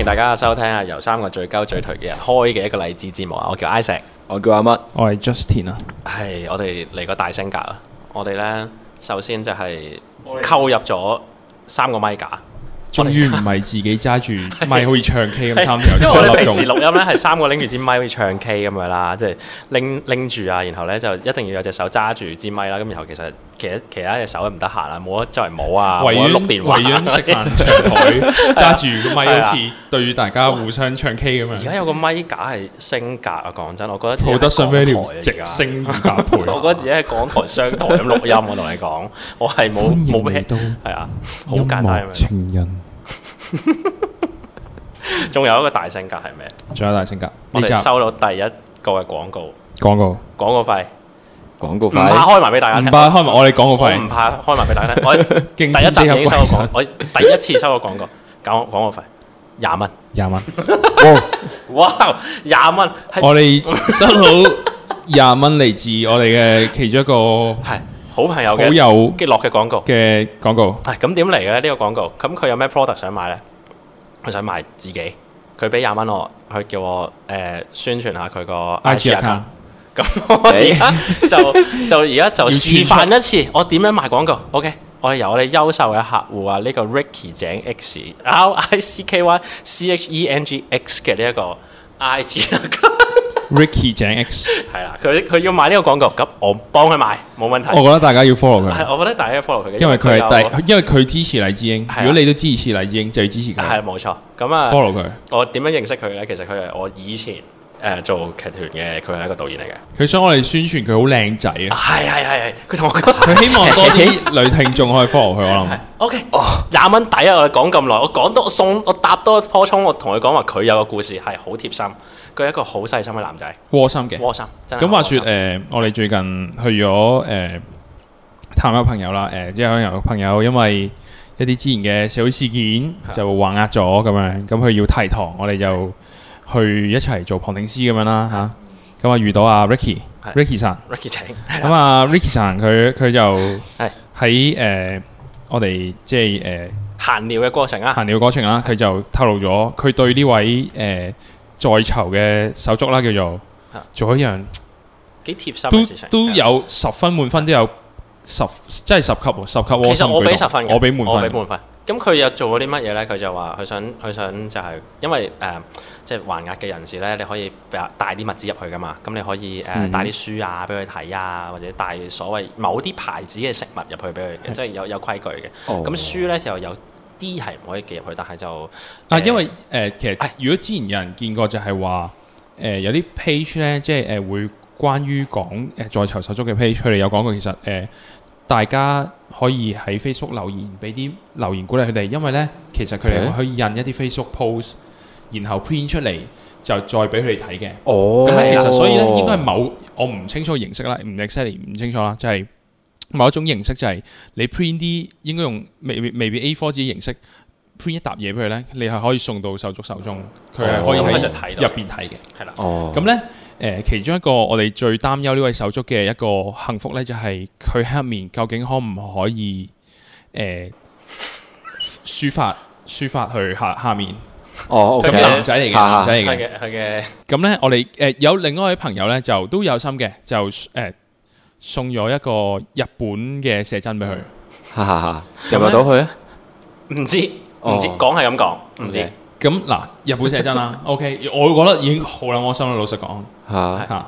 歡迎大家收聽啊，由三個最高最頹嘅人開嘅一個勵志節目啊！我叫 Isaac 我叫阿乜，我係 Justin 啊。係，我哋嚟個大聲格啊！我哋咧首先就係購入咗三個咪架，終於唔係自己揸住咪好似 是唱 K 咁 樣，因為我哋平時錄音咧係三個拎住支咪好似唱 K 咁樣啦，即係拎拎住啊，然後咧就一定要有隻手揸住支咪啦，咁然後其實。其實其他隻手唔得閒啦，冇得周圍舞啊，為咗為咗食飯長台揸住個咪，好似對大家互相唱 K 咁樣！而家有個咪架係星格啊，講真，我覺得跳得上咩台啊？星二甲配，我嗰時喺港台商台咁錄音，我同你講，我係冇冇咩都係啊，好簡單啊嘛！歡迎情人，仲有一個大性格係咩？仲有大性格，收到第一個嘅廣告，廣告廣告費。廣告唔怕開埋俾大家聽，唔怕開埋我哋廣告費，唔怕開埋俾大家 我第一集已經收個廣，我第一次收個廣告，搞廣告費廿蚊，廿蚊。哇，廿蚊！ 我哋收好廿蚊嚟自我哋嘅其中一個係好朋友嘅好有極落嘅廣告嘅廣告。係咁點嚟嘅呢、這個廣告？咁佢有咩 product 想賣呢？佢想賣自己，佢俾廿蚊我，佢叫我誒宣傳下佢個 IG。 我而家就就而家就 先出 示範一次，我點樣賣廣告 ？OK，我由我哋優秀嘅客戶啊，呢個 Ricky 井 X，R I C K Y C H E N G X 嘅呢一個 IG，Ricky 井 X 係啦，佢佢要賣呢個廣告咁，我幫佢買冇問題我。我覺得大家要 follow 佢，我覺得大家要 follow 佢，因為佢係第，因為佢支持黎智英。啊、如果你都支持黎智英，就要支持佢，係冇錯。咁啊，follow 佢。我點樣認識佢咧？其實佢係我以前。誒、呃，做劇團嘅，佢係一個導演嚟嘅。佢想我哋宣傳佢好靚仔啊！係係係，佢同我佢希望多啲女聽眾可以 follow 佢 我諗。O K，廿蚊抵啊！我講咁耐，我講多，我送，我搭多一樖葱，我同佢講話，佢有個故事係好貼心，佢係一個好細心嘅男仔。窩心嘅，窩心。咁話說誒、呃，我哋最近去咗誒、呃，探一個朋友啦。誒、呃，即係有朋友因為一啲之前嘅社會事件就還押咗咁樣，咁佢要提堂，我哋就。去一齊做旁聽師咁樣啦嚇，咁啊遇到阿 Ricky，Ricky sir，Ricky 請，咁啊 Ricky sir 佢佢就喺誒我哋即係誒閒聊嘅過程啊，閒聊過程啦，佢就透露咗佢對呢位誒在囚嘅手足啦叫做做一樣幾貼心嘅事情，都都有十分滿分都有十即係十級喎，十級窩心舉動，我俾滿分。咁佢又做咗啲乜嘢咧？佢就話佢想佢想就係、是、因為誒，即係還押嘅人士咧，你可以誒帶啲物資入去噶嘛。咁你可以誒、呃嗯、哼帶啲書啊，俾佢睇啊，或者帶所謂某啲牌子嘅食物入去俾佢嘅，是即係有有規矩嘅。咁、哦、書咧就有啲係唔可以寄入去，但係就啊，呃、因為誒、呃、其實、呃、如果之前有人見過就，就係話誒有啲 page 咧，即係誒會關於講誒在囚手足嘅 page 佢哋，有講過其實誒。呃大家可以喺 Facebook 留言，俾啲留言鼓勵佢哋，因為咧其實佢哋可以印一啲 Facebook post，然後 print 出嚟就再俾佢哋睇嘅。哦，咁其實所以咧應該係某，我唔清楚形式啦，唔 exactly 唔清楚啦，就係某一種形式，就係你 print 啲應該用 maybe maybe A4 紙形式 print 一沓嘢俾佢咧，你係可以送到手足手中，佢係可以喺入邊睇嘅。係啦，哦，咁咧。誒，其中一個我哋最擔憂呢位手足嘅一個幸福咧，就係佢喺入面究竟可唔可以誒、呃、抒發抒發去下下面？哦、oh, okay.，咁男仔嚟嘅，男仔嚟嘅，係、huh. 嘅，咁咧、uh huh.，我哋誒、呃、有另外一位朋友咧，就都有心嘅，就誒、呃、送咗一個日本嘅寫真俾佢。哈哈哈，入唔到去啊？唔知，唔知講係咁講，唔、oh. 知。咁嗱、okay.，日本寫真啦，OK，我覺得已經好撚安心啦，老實講。吓吓，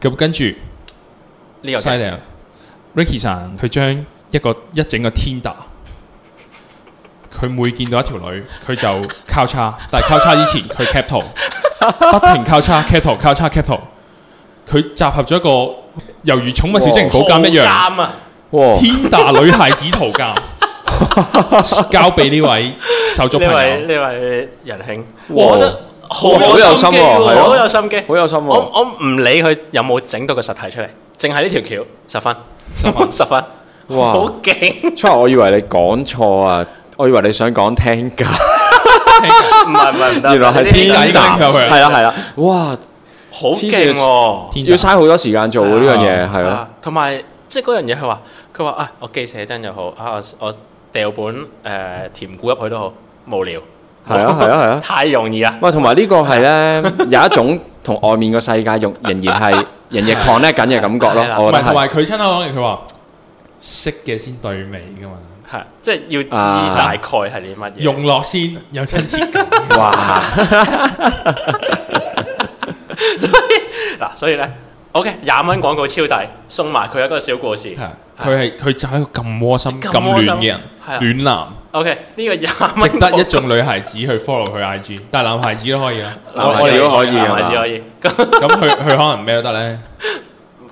咁跟住呢個犀利，Ricky 佢將一個一整個 Tinder，佢每見到一條女，佢就交叉， 但係交叉以前佢 cap 圖不停交叉 cap 圖交叉 cap 圖佢集合咗一個猶如《寵物小精靈》寶鑒一樣，哇！啊、ving? <神 >Tinder 女孩子圖鑒 神 outro 交俾呢位手足朋友，呢位仁兄好有心喎，係好有心機，好有心喎。我我唔理佢有冇整到個實體出嚟，淨係呢條橋十分，十分，十分。哇，好勁！初學，我以為你講錯啊，我以為你想講聽架，唔係唔係，原來係聽架。係啊係啊，哇，好勁喎！要嘥好多時間做呢樣嘢，係啊！同埋即係嗰樣嘢，佢話佢話啊，我記寫真又好啊，我我掉本誒填估入去都好無聊。係咯，係咯，係咯！太容易啦。喂，同埋呢個係咧，有一種同外面個世界用仍然係日夜 connect 緊嘅感覺咯。唔係，同埋佢親口講完，佢話識嘅先對味噶嘛。係，即係要知大概係啲乜嘢。用落先有親切感。哇！所以嗱，所以咧，OK，廿蚊廣告超抵，送埋佢一個小故事。佢係佢就係一個咁窩心、咁暖嘅人，暖男。OK，呢個值得一眾女孩子去 follow 佢 IG，但係男孩子都可以啊，我哋都可以，男孩子可以。咁咁佢佢可能咩都得咧，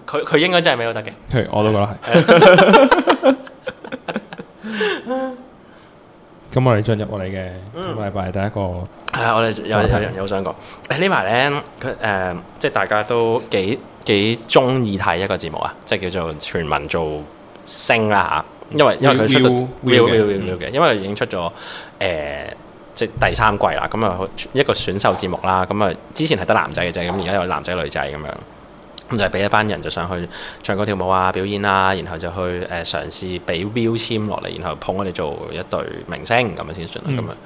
佢佢應該真係咩都得嘅。佢我都覺得係。咁我哋進入我哋嘅今禮拜第一個係我哋有有人有上過。誒呢排咧，佢誒即係大家都幾幾中意睇一個節目啊，即係叫做全民造星啦嚇。因為因為佢出到嘅，因為已經出咗誒、呃、即第三季啦，咁啊一個選秀節目啦，咁啊之前係得男仔嘅啫，咁而家有男仔女仔咁樣，咁就係、是、俾一班人就上去唱歌跳舞啊、表演啊，然後就去誒、呃、嘗試俾 Viu 簽落嚟，然後捧我哋做一對明星咁啊先算啦咁啊，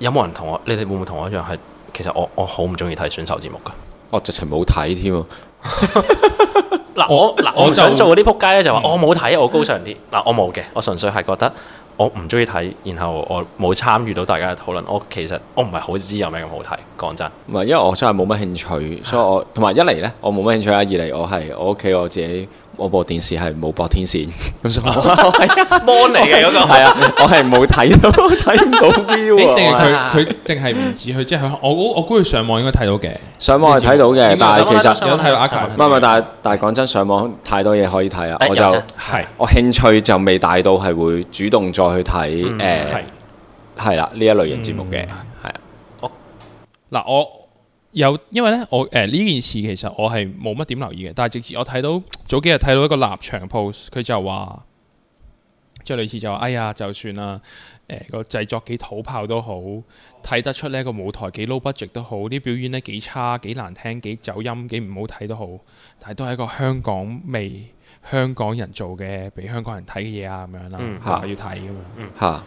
有冇人同我？你哋會唔會同我一樣？係其實我我好唔中意睇選秀節目㗎，我直情冇睇添。 嗱我嗱我想做嗰啲撲街咧，就係話我冇睇我高尚啲。嗱，我冇嘅，我純粹係覺得我唔中意睇，然後我冇參與到大家嘅討論，我其實我唔係好知有咩咁好睇。講真唔係因為我真係冇乜興趣，所以我同埋一嚟咧，我冇乜興趣啦，二嚟我係我屋企我自己。我部電視係冇播天線，咁啊，係啊，嚟嘅嗰個係啊，我係冇睇到，睇唔到 view 啊，佢佢淨係唔止，佢即係我我估佢上網應該睇到嘅，上網係睇到嘅，但係其實唔係但係但係講真，上網太多嘢可以睇啦，我就係我興趣就未大到係會主動再去睇誒，係啦呢一類型節目嘅係、嗯 啊，我嗱我。有，因為咧，我誒呢件事其實我係冇乜點留意嘅，但係直至我睇到早幾日睇到一個立場 post 佢就話，即係類似就話，哎呀，就算啊，誒個製作幾土炮都好，睇得出呢個舞台幾 low budget 都好，啲表演咧幾差幾難聽幾走音幾唔好睇都好，但係都係一個香港味、香港人做嘅，俾香港人睇嘅嘢啊咁樣啦、啊，嗯、要睇咁樣。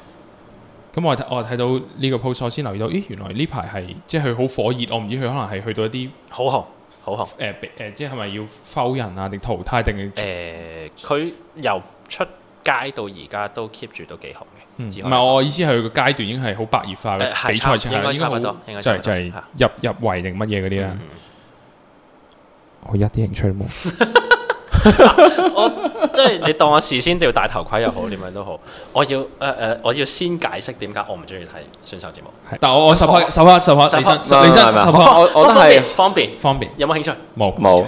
咁、嗯、我我睇到呢個 post，我先留意到，咦，原來呢排係即係佢好火熱，我唔知佢可能係去到一啲好紅好紅誒誒、呃呃，即係咪要浮人啊，定淘汰定誒？佢、呃、由出街到而家都 keep 住都幾紅嘅，唔係、嗯、我意思係佢個階段已經係好白熱化嘅、呃、比賽，應該應該差唔多，係入入，入圍定乜嘢嗰啲啦。我一啲興趣都冇。 我即係你當我事先都要戴頭盔又好，點樣都好，我要誒誒，我要先解釋點解我唔中意睇選秀節目。但係我我十塊十塊十塊，李生李生十塊，我我都係方便方便。有冇興趣？冇冇。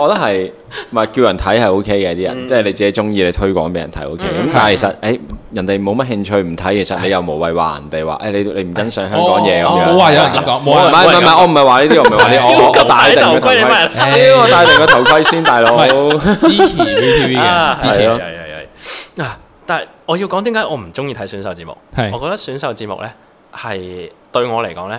我覺得係，唔係叫人睇係 O K 嘅啲人，即係你自己中意，你推廣俾人睇 O K。咁但係其實，誒人哋冇乜興趣唔睇，其實你又無謂話人哋話，誒你你唔欣賞香港嘢咁樣。我冇話咗唔講，我唔係唔係唔係，我唔係話呢啲，我唔係話你超級戴頭盔，屌我戴定個頭盔先，大佬支持 ViuTV 嘅，支持係係係。嗱，但係我要講點解我唔中意睇選秀節目？係，我覺得選秀節目咧係對我嚟講咧。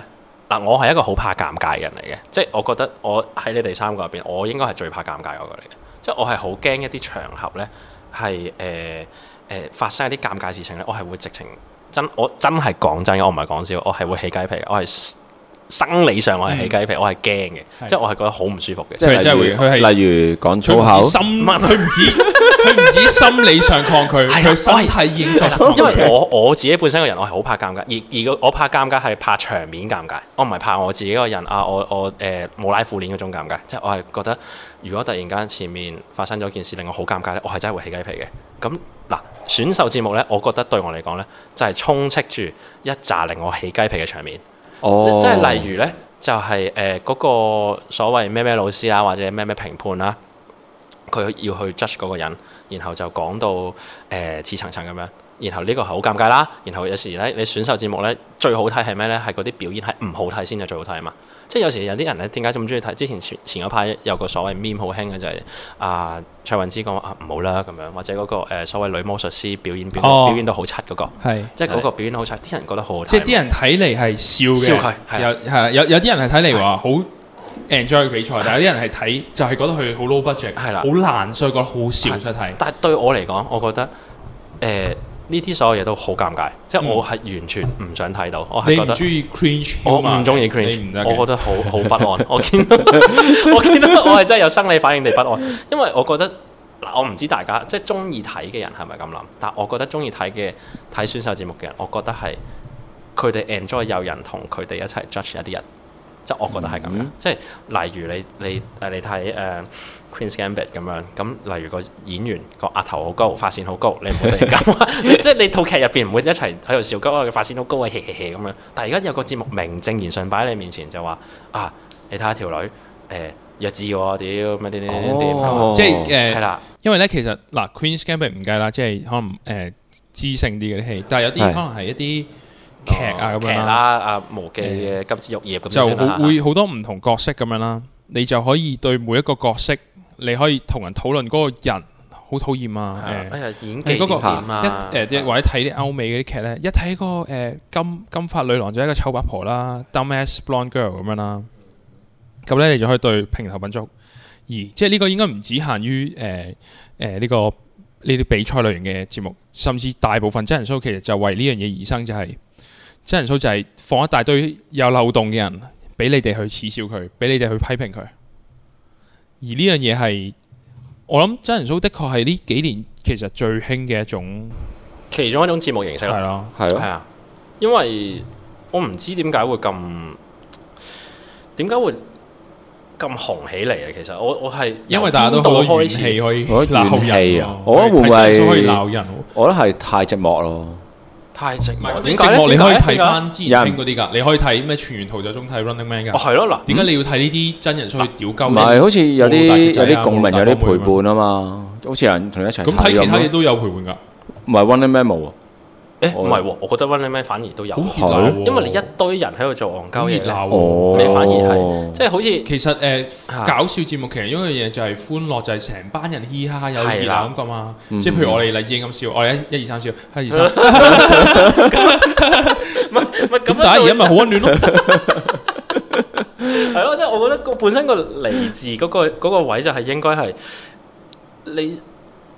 嗱，我係一個好怕尷尬嘅人嚟嘅，即係，我覺得我喺你哋三個入邊，我應該係最怕尷尬嗰個嚟嘅，即係，我係好驚一啲場合咧，係誒誒發生一啲尷尬事情咧，我係會直情真，我真係講真嘅，我唔係講笑，我係會起雞皮，我係生理上我係起雞皮，我係驚嘅，即係我係覺得好唔舒服嘅。即係的例如，例如，是例如講粗口，心乜佢唔知。 佢唔 止心理上抗拒，係、啊，係，係認錯。因為我我自己本身個人，我係好怕尷尬，而而個我怕尷尬係怕場面尷尬。我唔係怕我自己個人啊，我我誒冇、呃、拉褲鏈嗰種尷尬，即係我係覺得，如果突然間前面發生咗件事令我好尷尬咧，我係真係會起雞皮嘅。咁嗱，選秀節目咧，我覺得對我嚟講咧，就係、是、充斥住一紮令我起雞皮嘅場面。哦、即係例如咧，就係誒嗰個所謂咩咩老師啊，或者咩咩評判啦、啊。佢要去 judge 嗰個人，然後就講到誒、呃、次層層咁樣，然後呢個係好尷尬啦。然後有時咧，你選秀節目咧最好睇係咩咧？係嗰啲表演係唔好睇先係最好睇啊嘛！即係有時有啲人咧點解咁中意睇？之前前嗰排有個所謂 meme 好興嘅就係、是呃、啊卓韻芝講話啊唔好啦咁樣，或者嗰、那個、呃、所謂女魔術師表演表表演都好柒嗰個，即係嗰個表演好柒，啲、哦、人覺得好好睇。即係啲人睇嚟係笑嘅，笑有有有啲人係睇嚟話好。的 enjoy 嘅比賽，但有啲人係睇就係、是、覺得佢好 low budget，係啦，好爛的，所以覺得好少睇。的看但對我嚟講，我覺得誒呢啲所有嘢都好尷尬，即係我係完全唔想睇到。嗯、我係覺得中意 c r i n g 我唔中意 cringe，我覺得好好不安。我見到 我見到我係真係有生理反應地不安，因為我覺得嗱，我唔知大家即係中意睇嘅人係咪咁諗，但我覺得中意睇嘅睇選秀節目嘅人，我覺得係佢哋 enjoy 有人同佢哋一齊 judge 一啲人。即係我覺得係咁樣，嗯、即係例如你你誒你睇誒、uh, Queen's Gambit 咁樣，咁例如個演員個額頭好高，髮線好高，你唔睇唔敢啊！ 即係你套劇入邊唔會一齊喺度笑，吉啊，佢髮線好高啊，嘻嘻嘻咁樣。但係而家有個節目名正言順擺喺你面前就話啊，你睇下條女誒、呃、弱智喎，屌咩點點點點，即係誒係啦。因為咧其實嗱、啊、Queen's Gambit 唔計啦，即係可能誒知性啲啲戲，但係有啲可能係一啲。劇啊咁樣啦，啊無記嘅金枝玉葉咁樣就會好多唔同角色咁樣啦，你就可以對每一個角色，你可以同人討論嗰個人好討厭啊，演技唔好嘛，誒或者睇啲歐美嗰啲劇呢，一睇個誒金金髮女郎就係一個醜八婆啦，Dumbass Blonde Girl 咁樣啦，咁呢，你就可以對評頭品足。而即係呢個應該唔止限於誒誒呢個呢啲比賽類型嘅節目，甚至大部分真人 show 其實就為呢樣嘢而生，就係。真人 show 就係放一大堆有漏洞嘅人，俾你哋去恥笑佢，俾你哋去批評佢。而呢樣嘢係，我諗真人 show 的確係呢幾年其實最興嘅一種，其中一種節目形式係咯，係咯了，係啊，啊。因為我唔知點解會咁，點解會咁紅起嚟啊？其實我我係因為大家都開始、啊、可以怨氣、啊、可以鬧人、啊、我覺得會唔會鬧人，我覺得係太寂寞咯。唔係，點解你可以睇翻之前啲㗎？你可以睇咩全員逃走中睇 Running Man 㗎？哦，係咯，嗱，點解你要睇呢啲真人出去屌金？唔係，好似有啲有啲共鳴，有啲陪伴啊嘛，好似有人同你一齊睇。咁睇其他嘢都有陪伴㗎，唔係 Running Man 冇啊。誒唔係喎，我覺得 running man 反而都有熱鬧，啊，因為你一堆人喺度做戇交嘢啦，你反而係即係好似其實誒，呃啊、搞笑節目其實有一樣嘢就係歡樂，就係成班人嘻哈有熱鬧感覺嘛。的嗯，即係譬如我哋例子咁笑，我哋一、二三笑，1, 2, 3, 這樣 一二三，啊。 唔係唔係咁，大家而家咪好溫暖咯。係咯，即係我覺得個本身，嗰個嚟自嗰個位就係應該係你。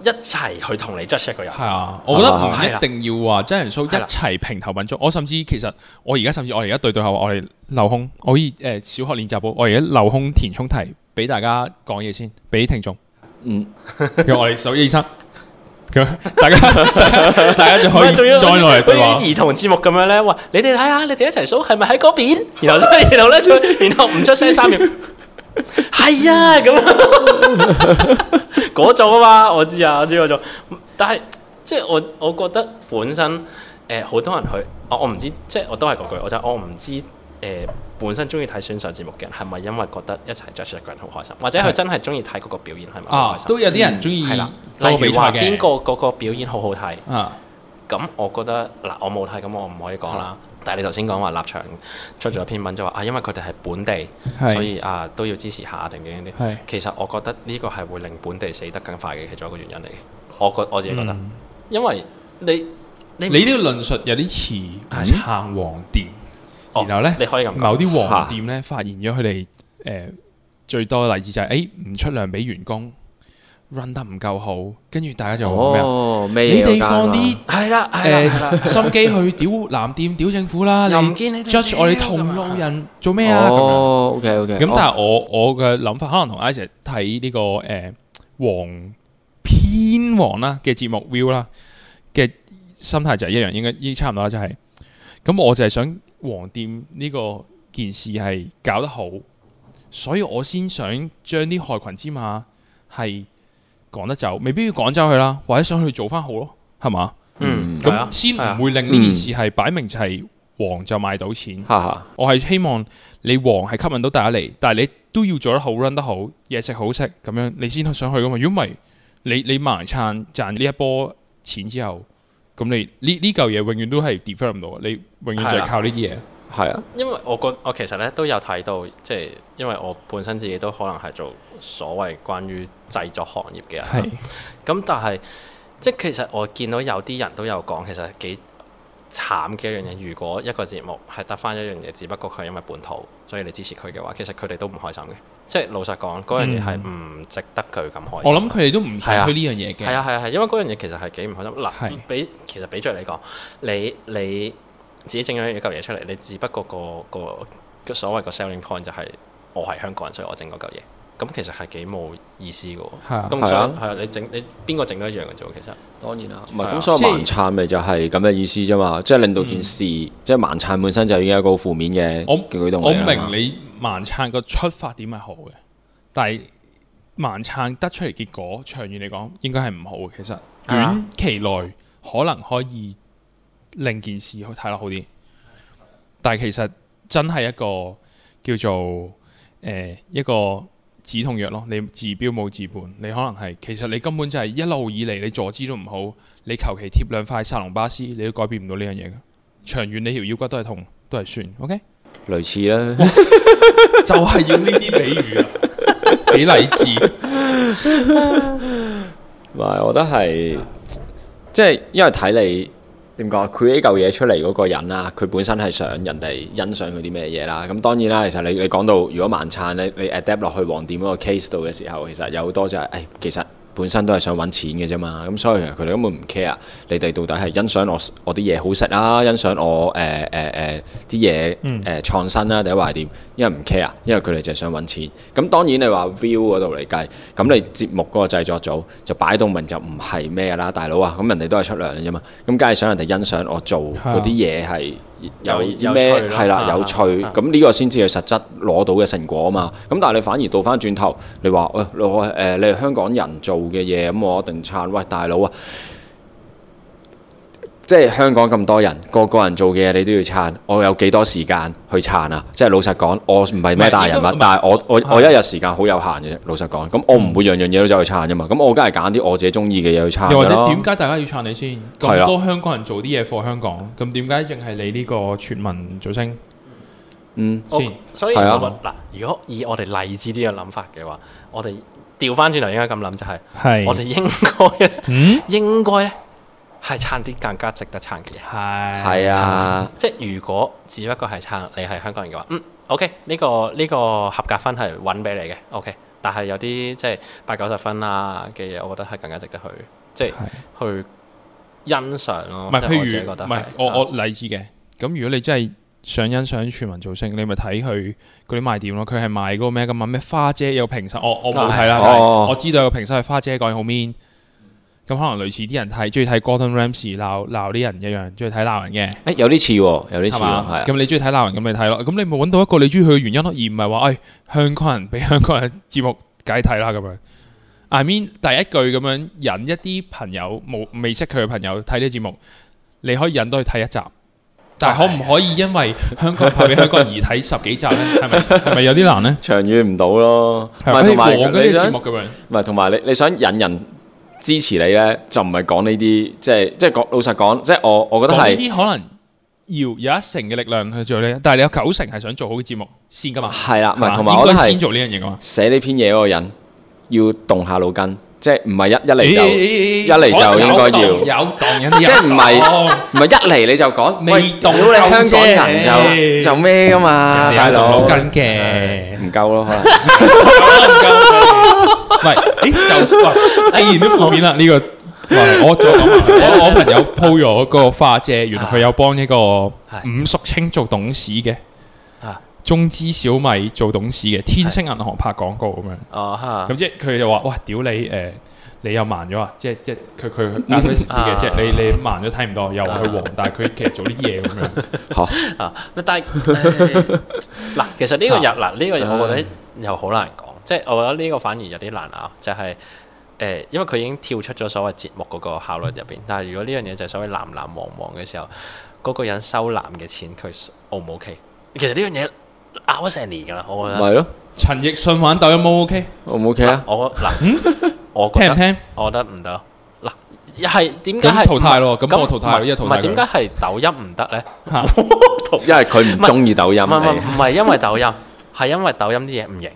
一齊去同你質 check 一個人。係啊，我覺得唔一定要話、啊啊、真人 show 一齊平頭品足。啊、我甚至其實我而家甚至我哋而家對對口，我哋留空。我以誒、呃、小學練習簿，我而家留空填充題，俾大家講嘢先，俾聽眾。嗯，用 我哋數一二三。咁大家大家仲可以再來對話，嗰啲兒童節目咁樣咧，話你哋睇下，你哋一齊數係咪喺嗰邊？然後，然後咧，然後唔出聲三秒。 係 啊，咁嗰種啊嘛，我知啊，我知嗰種。但係即係我我覺得本身誒，好、呃、多人去，我我唔知，即係我都係嗰句，我就我唔知誒、呃，本身中意睇選手節目嘅人係咪因為覺得一齊 judge 一個人好開心，或者佢真係中意睇嗰個表演係咪好開心？都、啊、有啲人中意係啦，例如話邊個嗰個表演好好睇啊。咁我覺得嗱，我冇睇，咁我唔可以講啦。但係你頭先講話立場出咗篇文就話啊，因為佢哋係本地，是所以啊都要支持下定點樣啲，等等是其實我覺得呢個係會令本地死得更快嘅，其中一個原因嚟嘅。我覺我自己覺得，嗯、因為你你你呢個論述有啲似撐黃店，哦、然後呢，你可以咁，某啲黃店呢，發現咗佢哋誒最多嘅例子就係誒唔出糧俾員工。run 得唔夠好，跟住大家就咩？哦、你哋放啲係啦，誒、啊啊、心機去屌藍店屌政府啦， 你 judge 我哋同路人做咩啊？咁 o k ok, okay 但、哦。咁但係我我嘅諗法，可能同阿 Sir 睇呢個誒、呃、黃偏黃啦嘅節目 view 啦嘅心態就係一樣，應該已經差唔多啦，就係咁。我就係想黃店呢個件事係搞得好，所以我先想將啲害群之馬係。講得走，未必要講走去啦，或者想去做翻好咯，係嘛？嗯，咁那、嗯、先唔會令呢件事係、嗯、擺明就係黃就賣到錢。嗯、我係希望你黃係吸引到大家嚟，但係你都要做得好，run 得好，嘢食好食，咁樣你先去上去噶嘛。如果唔係你你，你賣餐賺呢一波錢之後，咁你呢呢嚿嘢永遠都係 defer 唔到，你永遠就係靠呢啲嘢。係啊，因為我覺我其實咧都有睇到，即係因為我本身自己都可能係做所謂關於製作行業嘅人，咁是的 但係即係其實我見到有啲人都有講，其實幾慘嘅一樣嘢。如果一個節目係得返一樣嘢，只不過佢因為本土，所以你支持佢嘅話，其實佢哋都唔開心嘅。即係老實講，嗰樣嘢係唔值得佢咁開心。嗯、的我諗佢哋都唔支持呢樣嘢嘅。係啊係啊係，因為嗰樣嘢其實係幾唔開心。嗱的，俾的其實俾咗你講，你你。你你你自己整咗一嚿嘢出嚟，你只不過個個所謂個 selling point 就係我係香港人，所以我整嗰嚿嘢。咁其實係幾冇意思嘅喎。係啊，咁所以係啊，啊，你整你邊個整都一樣嘅啫喎。其實當然啊。唔係、啊，咁所以盲撐咪就係咁嘅意思啫嘛。即係令到件事，嗯、即係盲撐本身就已經係一個負面嘅舉動嚟嘅。我，我明你盲撐個出發點係好嘅，但係盲撐得出嚟結果，長遠嚟講應該係唔好嘅。其實短期內可能可以。另件事去睇落好啲，但係其實真係一個叫做誒、呃、一個止痛藥咯。你治標冇治本，你可能係其實你根本就係一路以嚟你坐姿都唔好，你求其貼兩塊薩隆巴斯，你都改變唔到呢樣嘢嘅。長遠你條腰骨都係痛，都係酸 OK，類似啦，就係要呢啲比喻啊，俾勵志。唔係，我覺得係即係，因為睇你。點講？佢呢嚿嘢出嚟嗰個人，人啦，佢本身係想人哋欣賞佢啲咩嘢啦。咁當然啦，其實你你講到如果晚餐你你 adapt 落去黃店嗰個 case 度嘅時候，其實有好多就係、是、誒、哎，其實本身都係想揾錢嘅啫嘛。咁所以佢哋根本唔 care 你哋到底係欣賞我我啲嘢好食啦、啊，欣賞我誒誒誒啲嘢誒創新啦、啊，定係點？因為唔 care，因為佢哋淨係想揾錢。咁當然你話 view 嗰度嚟計，咁你節目嗰個製作組就擺到明就唔係咩啦，大佬啊，咁人哋都係出糧啫嘛，咁梗係想人哋欣賞我做嗰啲嘢係有咩係啦有趣，咁呢的個先至係實質攞到嘅成果啊嘛。咁的但係你反而倒翻轉頭，你話誒、哎呃呃、你係香港人做嘅嘢，咁我一定撐，喂大佬啊！即係香港咁多人，個個人做嘅嘢你都要撐。我有幾多時間去撐啊？即係老實講，我唔係咩大人物，但係我我我一日時間好有限嘅。老實講，咁我唔會樣樣嘢都走去撐啫嘛。咁我梗係揀啲我自己中意嘅嘢去撐。又或者點解大家要撐你先，咁多香港人做啲嘢貨香港？咁點解淨係你呢個全民造星？嗯，先，所以嗱，如果以我哋勵志啲嘅諗法嘅話，我哋調翻轉頭應該咁諗就係，我哋應該，嗯，應該咧。係撐啲更加值得撐嘅，係，係啊，嗯、即係如果只不過係撐你係香港人嘅話，嗯，OK，呢、呢個呢、呢個合格分係揾俾你嘅，OK，但係有啲即係八九十分啦嘅嘢，我覺得係更加值得去，即係去欣賞咯。唔係是，譬如唔係，我我例子嘅，咁、嗯、如果你真係想欣賞全民造星，你咪睇佢嗰啲賣點咯。佢係賣嗰個咩咁啊？咩花姐有評審，哦，我我冇睇啦，我知道有評審，係花姐講嘢好 mean。咁可能類似啲人睇，中意睇 Gordon Ramsay 鬧鬧啲人一樣，中意睇鬧人嘅。誒，有啲似，有啲似係啊。咁你中意睇鬧人，咁咪睇咯。咁你咪搵到一個你中意佢嘅原因咯，而唔係話誒，香港人俾香港人節目解睇啦咁樣。I mean，第一句咁樣引一啲朋友冇未識佢嘅朋友睇啲節目，你可以引到去睇一集。但係可唔可以因為香港拍俾香港人而睇十幾集咧？係咪係咪有啲難咧？長遠唔到咯。係同埋你想，唔係同埋你你想引人。支持你咧，就唔係講呢啲，即係即係講老實講，即係我我覺得係呢啲可能要有一成嘅力量去做呢，但係你有九成係想做好嘅節目先噶嘛。係啦，唔係同埋我都係先做呢樣嘢噶嘛，寫呢篇嘢嗰個人要動下腦筋，即係唔係一一嚟就一嚟就應該要有動，即係唔係唔係一嚟你就講未動到你香港人，就就咩噶嘛，但係動腦筋嘅唔夠咯。喂，誒，就算話阿賢都負面啦。呢個我我我朋友 po 咗個花姐，原來佢有幫呢個伍淑清做董事嘅，啊，中資小米做董事嘅，天星銀行拍廣告咁樣。哦，咁即係佢就話，哇，屌你，誒，你又慢咗啊？即係即係佢佢嘅，即係你你慢咗睇唔到，又話佢黃，但係佢其實做啲嘢咁樣。好嗱，其實呢個日嗱，呢個我覺得又好難講。即係我覺得呢個反而有啲難拗，就係誒，因為佢已經跳出咗所謂節目嗰個考慮入邊。但係如果呢樣嘢就所謂藍藍黃黃嘅時候，嗰個人收藍嘅錢，佢 O 唔 O K？其實呢樣嘢拗咗成年噶啦，我覺得。係咯，陳奕迅玩抖音 O O K？O 唔 O K 啊？我嗱，我聽唔聽？我覺得唔得咯。嗱，係點解係淘汰咯？咁我淘汰，依家淘汰。唔係點解係抖音唔得咧？因為佢唔中意抖音。唔唔唔係因為抖音，係因為抖音啲嘢唔型。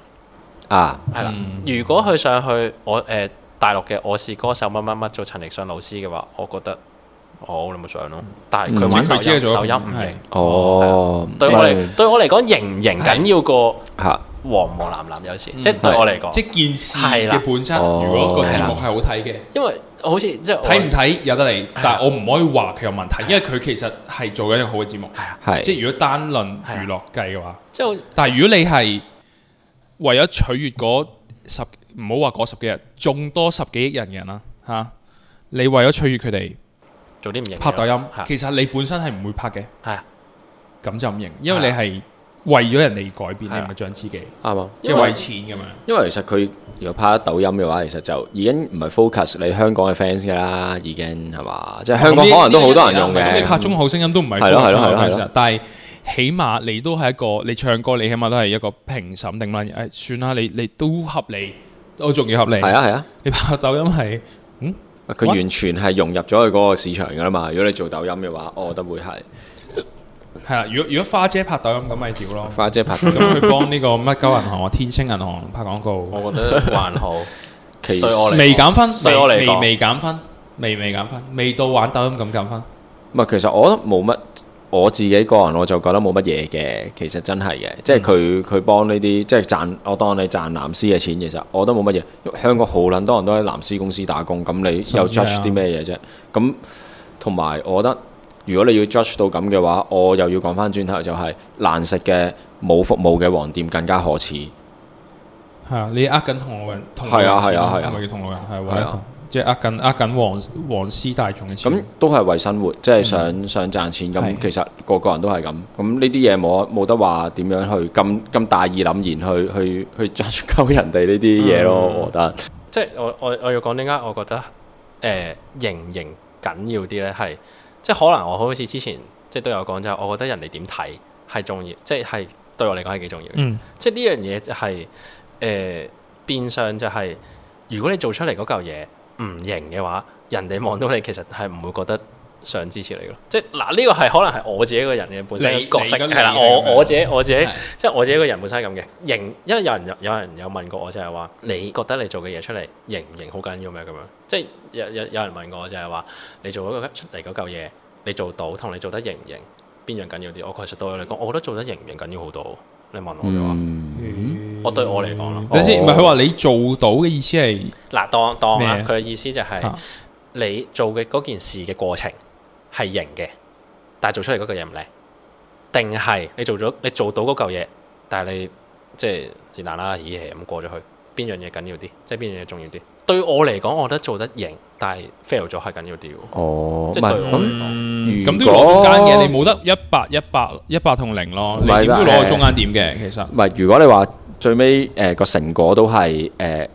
啊，係啦！如果佢上去我誒大陸嘅我是歌手乜乜乜做陳奕迅老師嘅話，我覺得好你咪上咯。但係佢玩抖音，抖音唔認。哦，對我嚟對我嚟講，認唔認緊要過吓黃黃藍藍有時，即係對我嚟講，即係件事嘅本質。如果個節目係好睇嘅，因為好似即係睇唔睇有得嚟，但係我唔可以話佢有問題，因為佢其實係做緊一個好嘅節目。係啊，係。即係如果單論娛樂計嘅話，即係，但係如果你係。為咗取悅嗰十唔好話十幾人，仲多十幾億人嘅人啦，吓，你為咗取悅佢哋，做啲唔贏拍抖音，其實你本身係唔會拍嘅，係咁就唔贏，因為你係為咗人哋改變，你唔係漲自己，係嘛，即係為錢咁樣。因為其實佢如果拍抖音嘅話，其實就已經唔係 focus 你香港嘅 fans 噶啦，已經係嘛，即係香港可能都好多人用嘅，你拍中口聲音都唔係，係咯係咯係咯，但係。起碼你都係一個，你唱歌你起碼都係一個評審定乜、哎、算啦，你你都合理，都仲要合理。係啊係啊，啊你拍抖音係嗯，佢完全係融入咗佢嗰個市場噶啦嘛。如果你做抖音嘅話，我覺得會係係 啊。如果如果花姐拍抖音咁咪屌咯，花姐拍咁佢 幫呢個乜鳩銀行啊，天星銀行拍廣告，我覺得還好。其實未減分，未我嚟減分，微微減分，未到玩抖音咁減分。唔係，其實我覺得冇乜。我自己個人我就覺得冇乜嘢嘅，其實真係嘅、like, mm，即係佢佢幫呢啲即係賺我當你賺藍絲嘅錢，其實我都冇乜嘢。香港好撚多人都喺藍絲公司打工，咁你又 judge 啲咩嘢啫？咁同埋我覺得，如果你要 judge 到咁嘅話，我又要講翻轉頭就係難食嘅冇服務嘅黃店更加可恥。係啊，你呃緊同路人，係啊係啊係啊，同路人係。即係握緊握緊黃黃絲大眾嘅錢。咁都係為生活，即、就、係、是、想、嗯、想，想賺錢。咁、嗯、其實個個人都係咁。咁呢啲嘢冇冇得話點樣去咁咁大意諗、嗯呃、然去去去 judge 人哋呢啲嘢咯，我覺得。即係我我我要講點解我覺得誒仍然緊要啲咧，係即係可能我好似之前即係都有講，就係我覺得人哋點睇係重要，即係對我嚟講係幾重要嘅。嗯、即係呢樣嘢係誒變相就係、是、如果你做出嚟嗰嚿嘢。唔型嘅話，人哋望到你其實係唔會覺得想支持你咯。即係嗱，呢個係可能係我自己個人嘅本身嘅角色係啦。的我我自己我自己，即係的我自己個人本身係咁嘅型。因為有人有，有人有問過我就係話，你覺得你做嘅嘢出嚟型唔型好緊要咩咁樣？即係有有有人問過我就係話，你做嗰個出嚟嗰嚿嘢，你做到同你做得型唔型，邊樣緊要啲？我確實對我嚟講，我覺得做得型唔型緊要好多。你問我嘅話。嗯嗯我對我嚟講咯，嗯、等先，唔係佢話你做到嘅意思係，嗱，當當佢、啊、嘅麼意思就係、是啊、你做嘅嗰件事嘅過程係型嘅，但係做出嚟嗰嚿嘢唔靚，定係你做咗你做到嗰嚿嘢，但係你即係是難啦，咦、啊，咁、哎、過咗去，邊樣嘢緊要啲，即係邊樣嘢重要啲？對我嚟講，我覺得做得型，但係 fail 咗係緊要啲。哦，唔係咁，都、嗯、果要攞中間嘅你冇得一百、一百、一百同零咯，你點都攞個中間點嘅，其實唔係，如果你話。最尾誒個成果都係誒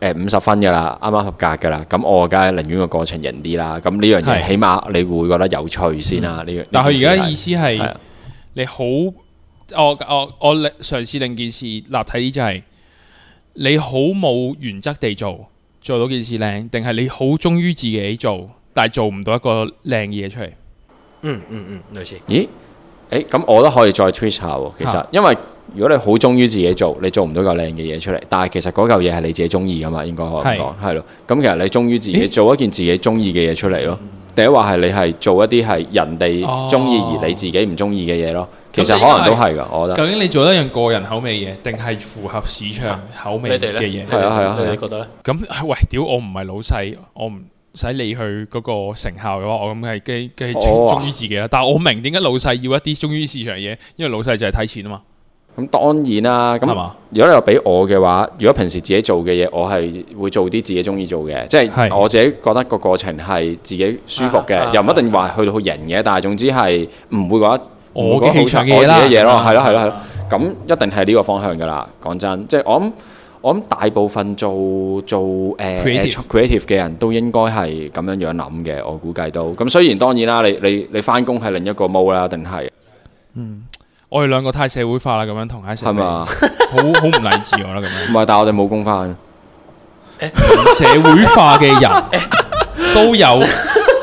誒五十分嘅啦，啱啱合格嘅啦。咁我梗係寧願個過程型啲啦。咁呢樣嘢起碼你會覺得有趣先啦。呢樣，但佢而家意思係，你好，我我我嘗試另一件事立體啲，就係你好冇原則地做做到件事靚，定係你好忠於自己做，但係做唔到一個靚嘢出嚟。嗯嗯嗯，多謝。咦？誒咁、欸、我都可以再 twist 下喎，其實因為如果你好忠於自己做，你做唔到嚿靚嘅嘢出嚟，但係其實嗰嚿嘢係你自己中意㗎嘛，應該可以講？係咯的，咁其實你忠於自己，做一件自己中意嘅嘢出嚟咯。第一話係你係做一啲係人哋中意而你自己唔中意嘅嘢咯，其實可能都係㗎。我覺得究竟你做一樣個人口味嘢，定係符合市場口味嘅嘢？係係係，你，你覺得咧？咁喂，屌我唔係老細，我唔～我使你去嗰個成效嘅話，我諗係基基忠於自己啦。但係我明點解老細要一啲忠於市場嘅嘢，因為老細就係睇錢啊嘛。咁當然啦，咁如果你俾我嘅話，如果平時自己做嘅嘢，我係會做啲自己中意做嘅，即係我自己覺得個過程係自己舒服嘅，又唔一定話去到贏嘅。但係總之係唔會話我嘅市場嘅嘢咯，係咯係咯係咯，咁一定係呢個方向噶啦。講真，即係我諗。我諗大部分做做誒 creative 嘅人都應該係咁樣樣諗嘅，我估計都咁。雖然當然啦，你你你翻工係另一個冇啦，定係嗯，我哋兩個太社會化啦，咁樣同喺一齊係嘛，好好唔勵志啦，咁樣唔係，但係我哋冇工翻。唔社會化嘅人都有，唔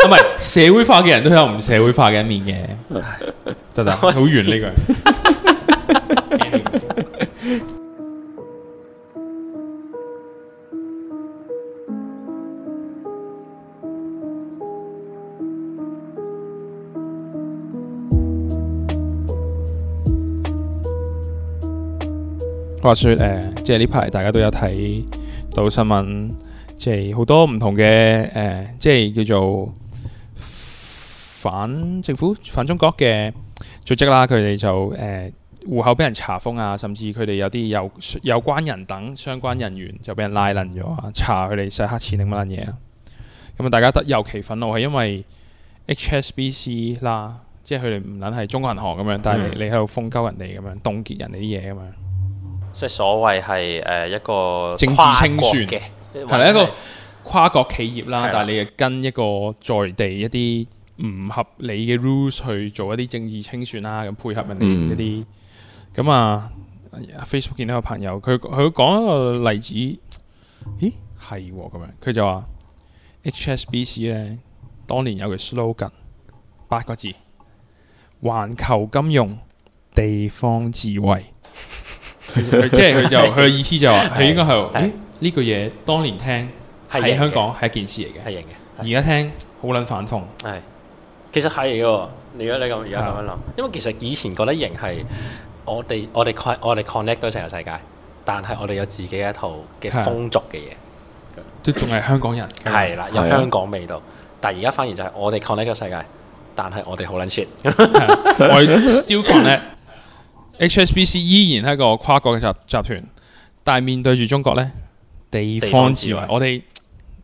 係社會化嘅人都有唔社會化嘅一面嘅，得啦，好遠呢個。話説誒，即係呢排大家都有睇到新聞，即係好多唔同嘅誒，即係叫做反政府、反中國嘅組織啦。佢哋就誒戶口俾人查封啊，甚至佢哋有啲有有關人等相關人員就俾人拉撚咗啊，查佢哋洗黑錢定乜撚嘢啦。咁啊，大家得尤其憤怒係因為 HSBC 啦，即係佢哋唔撚係中國銀行咁樣，但係你喺度封鳩人哋咁樣，凍結人哋啲嘢咁樣。即係所，所謂係誒一個政治清算嘅係啦，一個跨國企業啦。的但係你又跟一個在地一啲唔合理嘅 rules 去做一啲政治清算啦，咁配合人哋一啲咁、嗯、啊。Facebook 見到個朋友，佢佢講一個例子，咦係咁樣？佢就話 HSBC 咧，當年有個 slogan，八個字：環球金融，地方智慧。即係佢就佢嘅意思就話，佢應該係，誒呢句嘢，當年聽係香港係一件事嚟嘅，係型嘅。而家聽好捻反諷，係其實係嘅。而家你咁而家咁樣諗，因為其實以前覺得型係我哋我哋 con 我哋 connect 到成個世界，但係我哋有自己一套嘅風俗嘅嘢，即仲係香港人係啦，有香港味道。但係而家反而就係我哋 connect 個世界，但係我哋好捻 shit，我 still connect HSBC 依然係一個跨國嘅集集團，但係面對住中國咧，地方智慧，我哋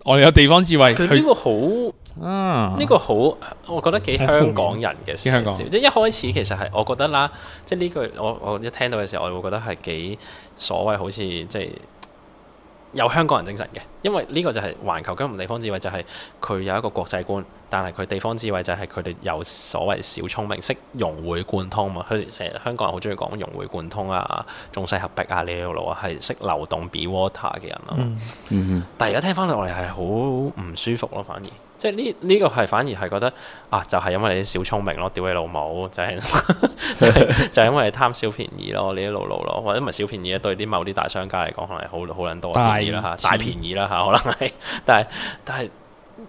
我哋有地方智慧。佢呢個好，呢個好、啊，我覺得幾香港人嘅事。香港即係一開始其實係我覺得啦，即係呢句我我一聽到嘅時候，我會覺得係幾所謂好似即係。有香港人精神嘅，因為呢個就係環球金融地方智慧，就係、是、佢有一個國際觀，但係佢地方智慧就係佢哋有所謂小聰明，識融會貫通嘛。佢哋成日香港人好中意講融會貫通啊，中西合璧啊，呢條路啊，係識流動 be water 嘅人啊、嗯嗯、但係而家聽翻落嚟係好唔舒服咯、啊，反而。即係呢呢個係反而係覺得啊就係、是、因為你啲小聰明咯，屌你老母，就係、是、 就係因為你貪小便宜咯，你一路路咯，或者咪小便宜咧，對啲某啲大商家嚟講可能係好好捻多啲啦吓，大便宜啦吓，可能係，但係但係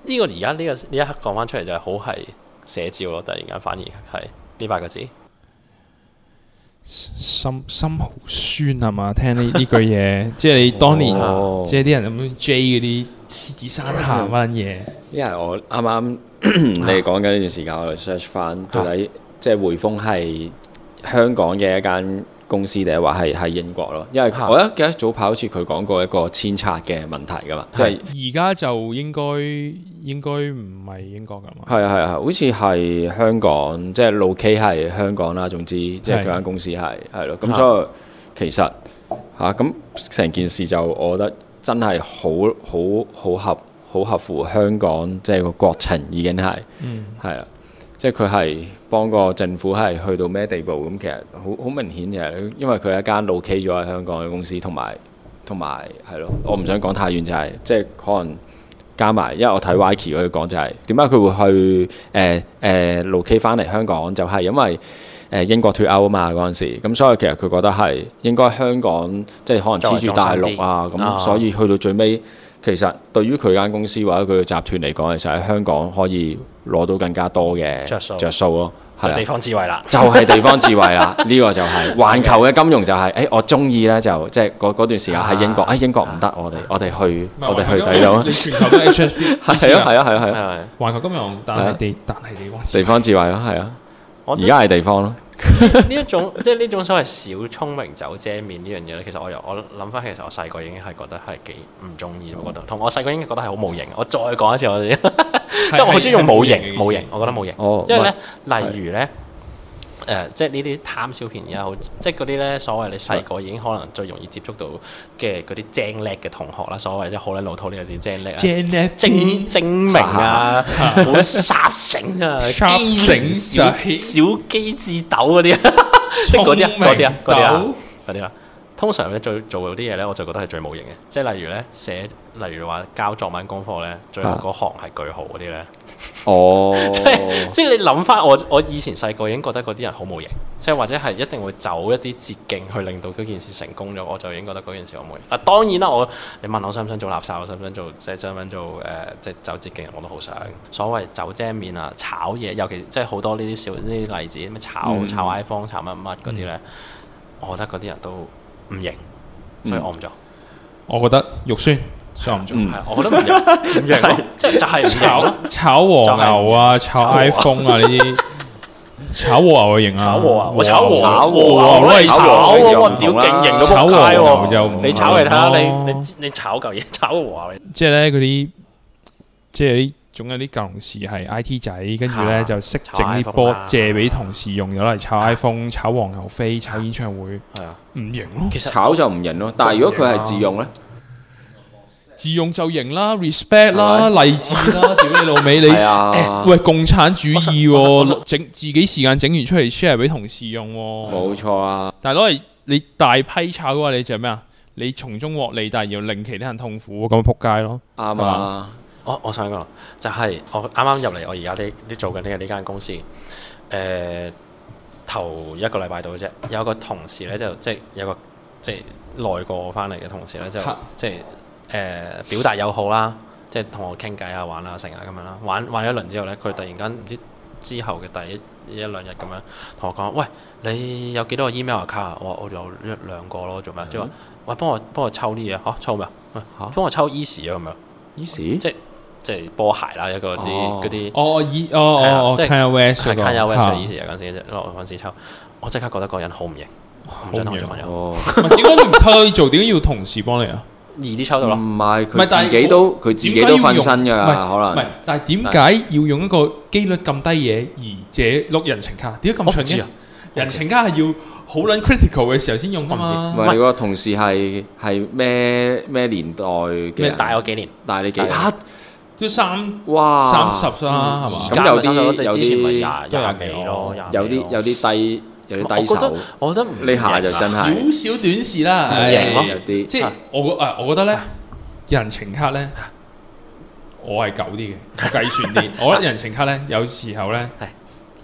呢個而家呢個呢一刻講翻出嚟就係好係寫照咯，突然間反而係呢八個字。心心好酸啊嘛，聽呢呢句嘢， 即係你當年，哦、即係啲人咁 J 嗰啲獅子山下乜嘢？因為我啱啱 你講緊呢段時間，啊、我哋 search 翻到底，啊、即係匯豐係香港嘅一間公司定係話係係英國咯，因為我記得早排好似佢講過一個遷冊嘅問題㗎嘛，即係而家就應該應該唔係英國㗎嘛，係啊係啊係，好似係香港，即係老 K 係香港啦，總之即係佢間公司係係咯，咁所以其實嚇咁成件事就，我覺得真係好好好合好合乎香港即係個國情，已經係係啦。嗯即係佢係幫個政府係去到咩地步咁，其實好好明顯嘅。因為佢係一間老 K 咗喺香港嘅公司，同埋同埋係咯。我唔想講太遠，就係、是、即係可能加埋。因為我睇 YKi 佢度講就係點解佢會去誒誒老 K 翻嚟香港，就係、是、因為誒、呃、英國脫歐啊嘛嗰陣時。咁所以其實佢覺得係應該香港即係可能黐住大陸啊。咁所以去到最尾。其實對於佢間公司或者佢嘅集團嚟講，其實喺香港可以攞到更加多嘅着數，着數咯，係地方智慧啦，就係地方智慧啦，呢個就係環球嘅金融就係，誒我中意咧就即係嗰段時間喺英國，誒英國唔得，我哋我哋去我哋去睇咗，你全球嘅 HSBC 係啊係啊係啊係啊係環球金融但係地但係地方智慧啦，係啊。我而家係地方咯，呢 一種即係呢種所謂小聰明走遮面呢樣嘢咧，其實我又我諗翻起，其實我細個已經係覺得係幾唔中意，我覺得同我細個已經覺得係好冇型。我再講一次 是 我哋即係我好中意用冇型，冇型形形我覺得冇型。哦，因為咧，是例如咧。誒、呃，即係呢啲貪小便宜啊！好，即係嗰啲咧，所謂你細個已經可能最容易接觸到嘅嗰啲精叻嘅同學啦，所謂即係好鬼老土呢個字，精叻啊，精精明啊，好煞醒啊，機靈小機智豆嗰啲，聰明 即係嗰啲啊，嗰啲聰明 啊，嗰啲聰明 啊，通常咧做做啲嘢咧，我就覺得係最冇型嘅，即係例如咧寫。例如話交作文功課咧，最後嗰行係句號嗰啲咧，哦，即係即係你諗翻我我以前細個已經覺得嗰啲人好冇型，即、就、係、是、或者係一定會走一啲捷徑去令到嗰件事成功咗，我就已經覺得嗰件事好冇型。嗱、啊、當然啦，我你問我，我想唔想做垃圾，我想唔想做即係想唔想做誒、呃、即係走捷徑，我都好想。所謂走精面啊、炒嘢，尤其即係好多呢啲小呢啲例子，咩炒、嗯、炒 iPhone、炒乜乜嗰啲咧，我覺得嗰啲人都唔型，所以我唔做、嗯。我覺得肉酸。上唔中係，我覺得唔型，即係就係炒炒黃牛啊，炒 iPhone 啊呢啲，炒黃我型啊！我炒黃，我炒黃，我嚟炒，我屌勁型到扑街喎！就你炒其他，你你你炒嚿嘢，炒黃，即係咧嗰啲，即係啲，總有啲舊同事係 IT 仔，跟住咧就識整啲波借俾同事用，咗嚟炒 iPhone、炒黃牛飛、炒演唱會，係啊，唔型咯，其實炒就唔型咯，但係如果佢係自用咧。自用就型啦，respect 啦，勵志啦，屌 你老味，你、啊、喂共產主義整、喔哎、自己時間整完出嚟 share 俾同事用冇、喔、錯啊。但係攞嚟你大批炒嘅話，你就咩啊？你從中獲利，但係要令其他人痛苦，咁仆街咯啱啊。我、就是、我想講就係我啱啱入嚟，我而家呢啲做緊嘅呢間公司誒、呃，頭一個禮拜到啫，有個同事咧就即係有個即係內過翻嚟嘅同事咧就即、是、係。就是誒、呃、表達友好啦，即係同我傾偈啊、玩啊、成啊咁樣啦。玩玩一輪之後咧，佢突然間唔知之後嘅第一,一兩日咁樣同我講：喂，你有幾多個 email account 啊？我我有一兩個咯，做咩即係話喂，幫我幫我，幫我抽啲嘢，嚇抽咩啊？嚇、啊、幫我抽 easy 啊，咁、huh? 樣 easy 即即係波鞋啦，一個啲嗰啲哦 easy 哦哦，即係 cash cash cash cash easy 啊！嗰、yeah, right. 時啫，時，時抽，我即刻覺得嗰個人好唔型，唔、嗯、想同佢做朋友。點解你唔推做？點解要同事幫你啊？易啲抽到咯，唔係佢自己都佢自己都翻身㗎，可能。唔係，但係點解要用一個機率咁低嘢而借碌人情卡？點解咁蠢嘅？我唔知啊，人情卡係要好撚 critical 嘅時候先用㗎嘛。唔知。唔係你個同事係係咩咩年代嘅？大我幾年？大你幾年？嚇！都三哇三十啦，而家咪有啲有啲廿幾囉，有啲有啲低。有啲低手，我覺得呢下就真係少少短視啦，贏咯，即係我覺啊，我覺得咧人情卡咧，我係久啲嘅，計算啲。我覺得人情卡咧，有時候咧係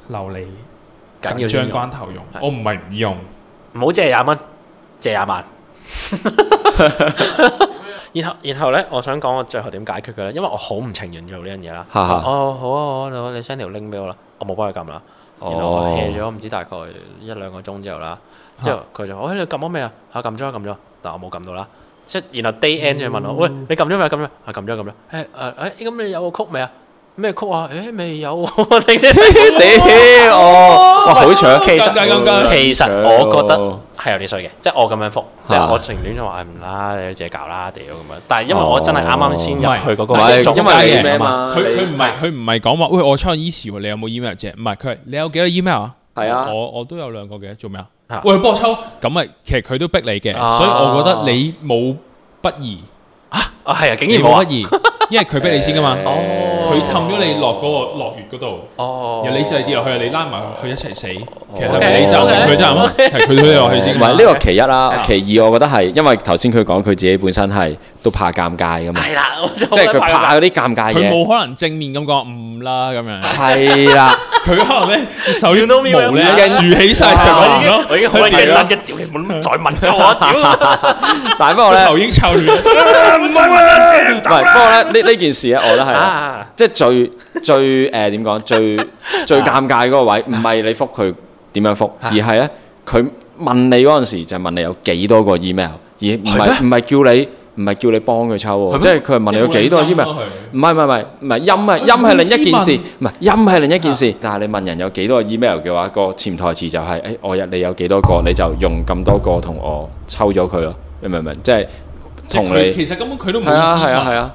留嚟緊要將關頭用，我唔係唔用，唔好借廿蚊，借廿萬。然後然後咧，我想講我最後點解決佢咧，因為我好唔情願做呢樣嘢啦。哦，好啊好啊，你 send 條 link 俾我啦，我冇幫佢撳啦。然後我 hea 咗唔知大概一兩個鐘之後啦，之後佢就話：，哎，你撳咗咩啊？嚇，撳咗，撳咗。但係我冇撳到啦。即係然後 day end 就問我：，喂、哎，你撳咗未？撳、啊、咗？嚇，撳咗，撳咗。誒、哎，誒、啊，誒、哎，咁你有個曲未啊？咩曲啊？誒，未有我哋。你哦！哇，好長，其實其實我覺得係有啲衰嘅，即係我咁樣覆，即係我情願就話唔啦，你自己搞啦屌咁樣。但係因為我真係啱啱先入去嗰個，因為作家嘅嘛，佢佢唔係佢唔係講話，喂，我抽 E-mail 喎，你有冇 E-mail 啫？唔係，佢係你有幾多 E-mail 啊？係啊，我我都有兩個嘅，做咩啊？喂，幫我抽，咁啊，其實佢都逼你嘅，所以我覺得你冇不義啊？啊，係啊，竟然冇不義。因為佢俾你先噶嘛，佢氹咗你落嗰個落穴嗰度，然後你就係跌落去，你拉埋佢一齊死，其實你就，佢就責任咯，係佢跌落去先。唔係呢個其一啦，其二我覺得係，因為頭先佢講佢自己本身係都怕尷尬噶嘛，係啦，即係佢怕嗰啲尷尬嘢，冇可能正面咁講唔啦咁樣，係啦，佢可能咧手要都孭住，已經豎起曬成個咯，已經好緊張，一條冇得再問佢。但係不過咧，唔係不過咧。呢呢件事咧，我都係，即係最最誒點講，最最尷尬嗰個位，唔係你覆佢點樣覆，而係咧佢問你嗰陣時就係問你有幾多個 email，而唔係唔係叫你唔係叫你幫佢抽，即係佢問你有幾多 email，唔係唔係唔係陰啊陰係另一件事，唔係陰係另一件事。但係你問人有幾多個 email 嘅話，個潛台詞就係誒我入嚟有幾多個，你就用咁多個同我抽咗佢咯，你明唔明？即係同你其實根本佢都唔係啊，係啊，係啊。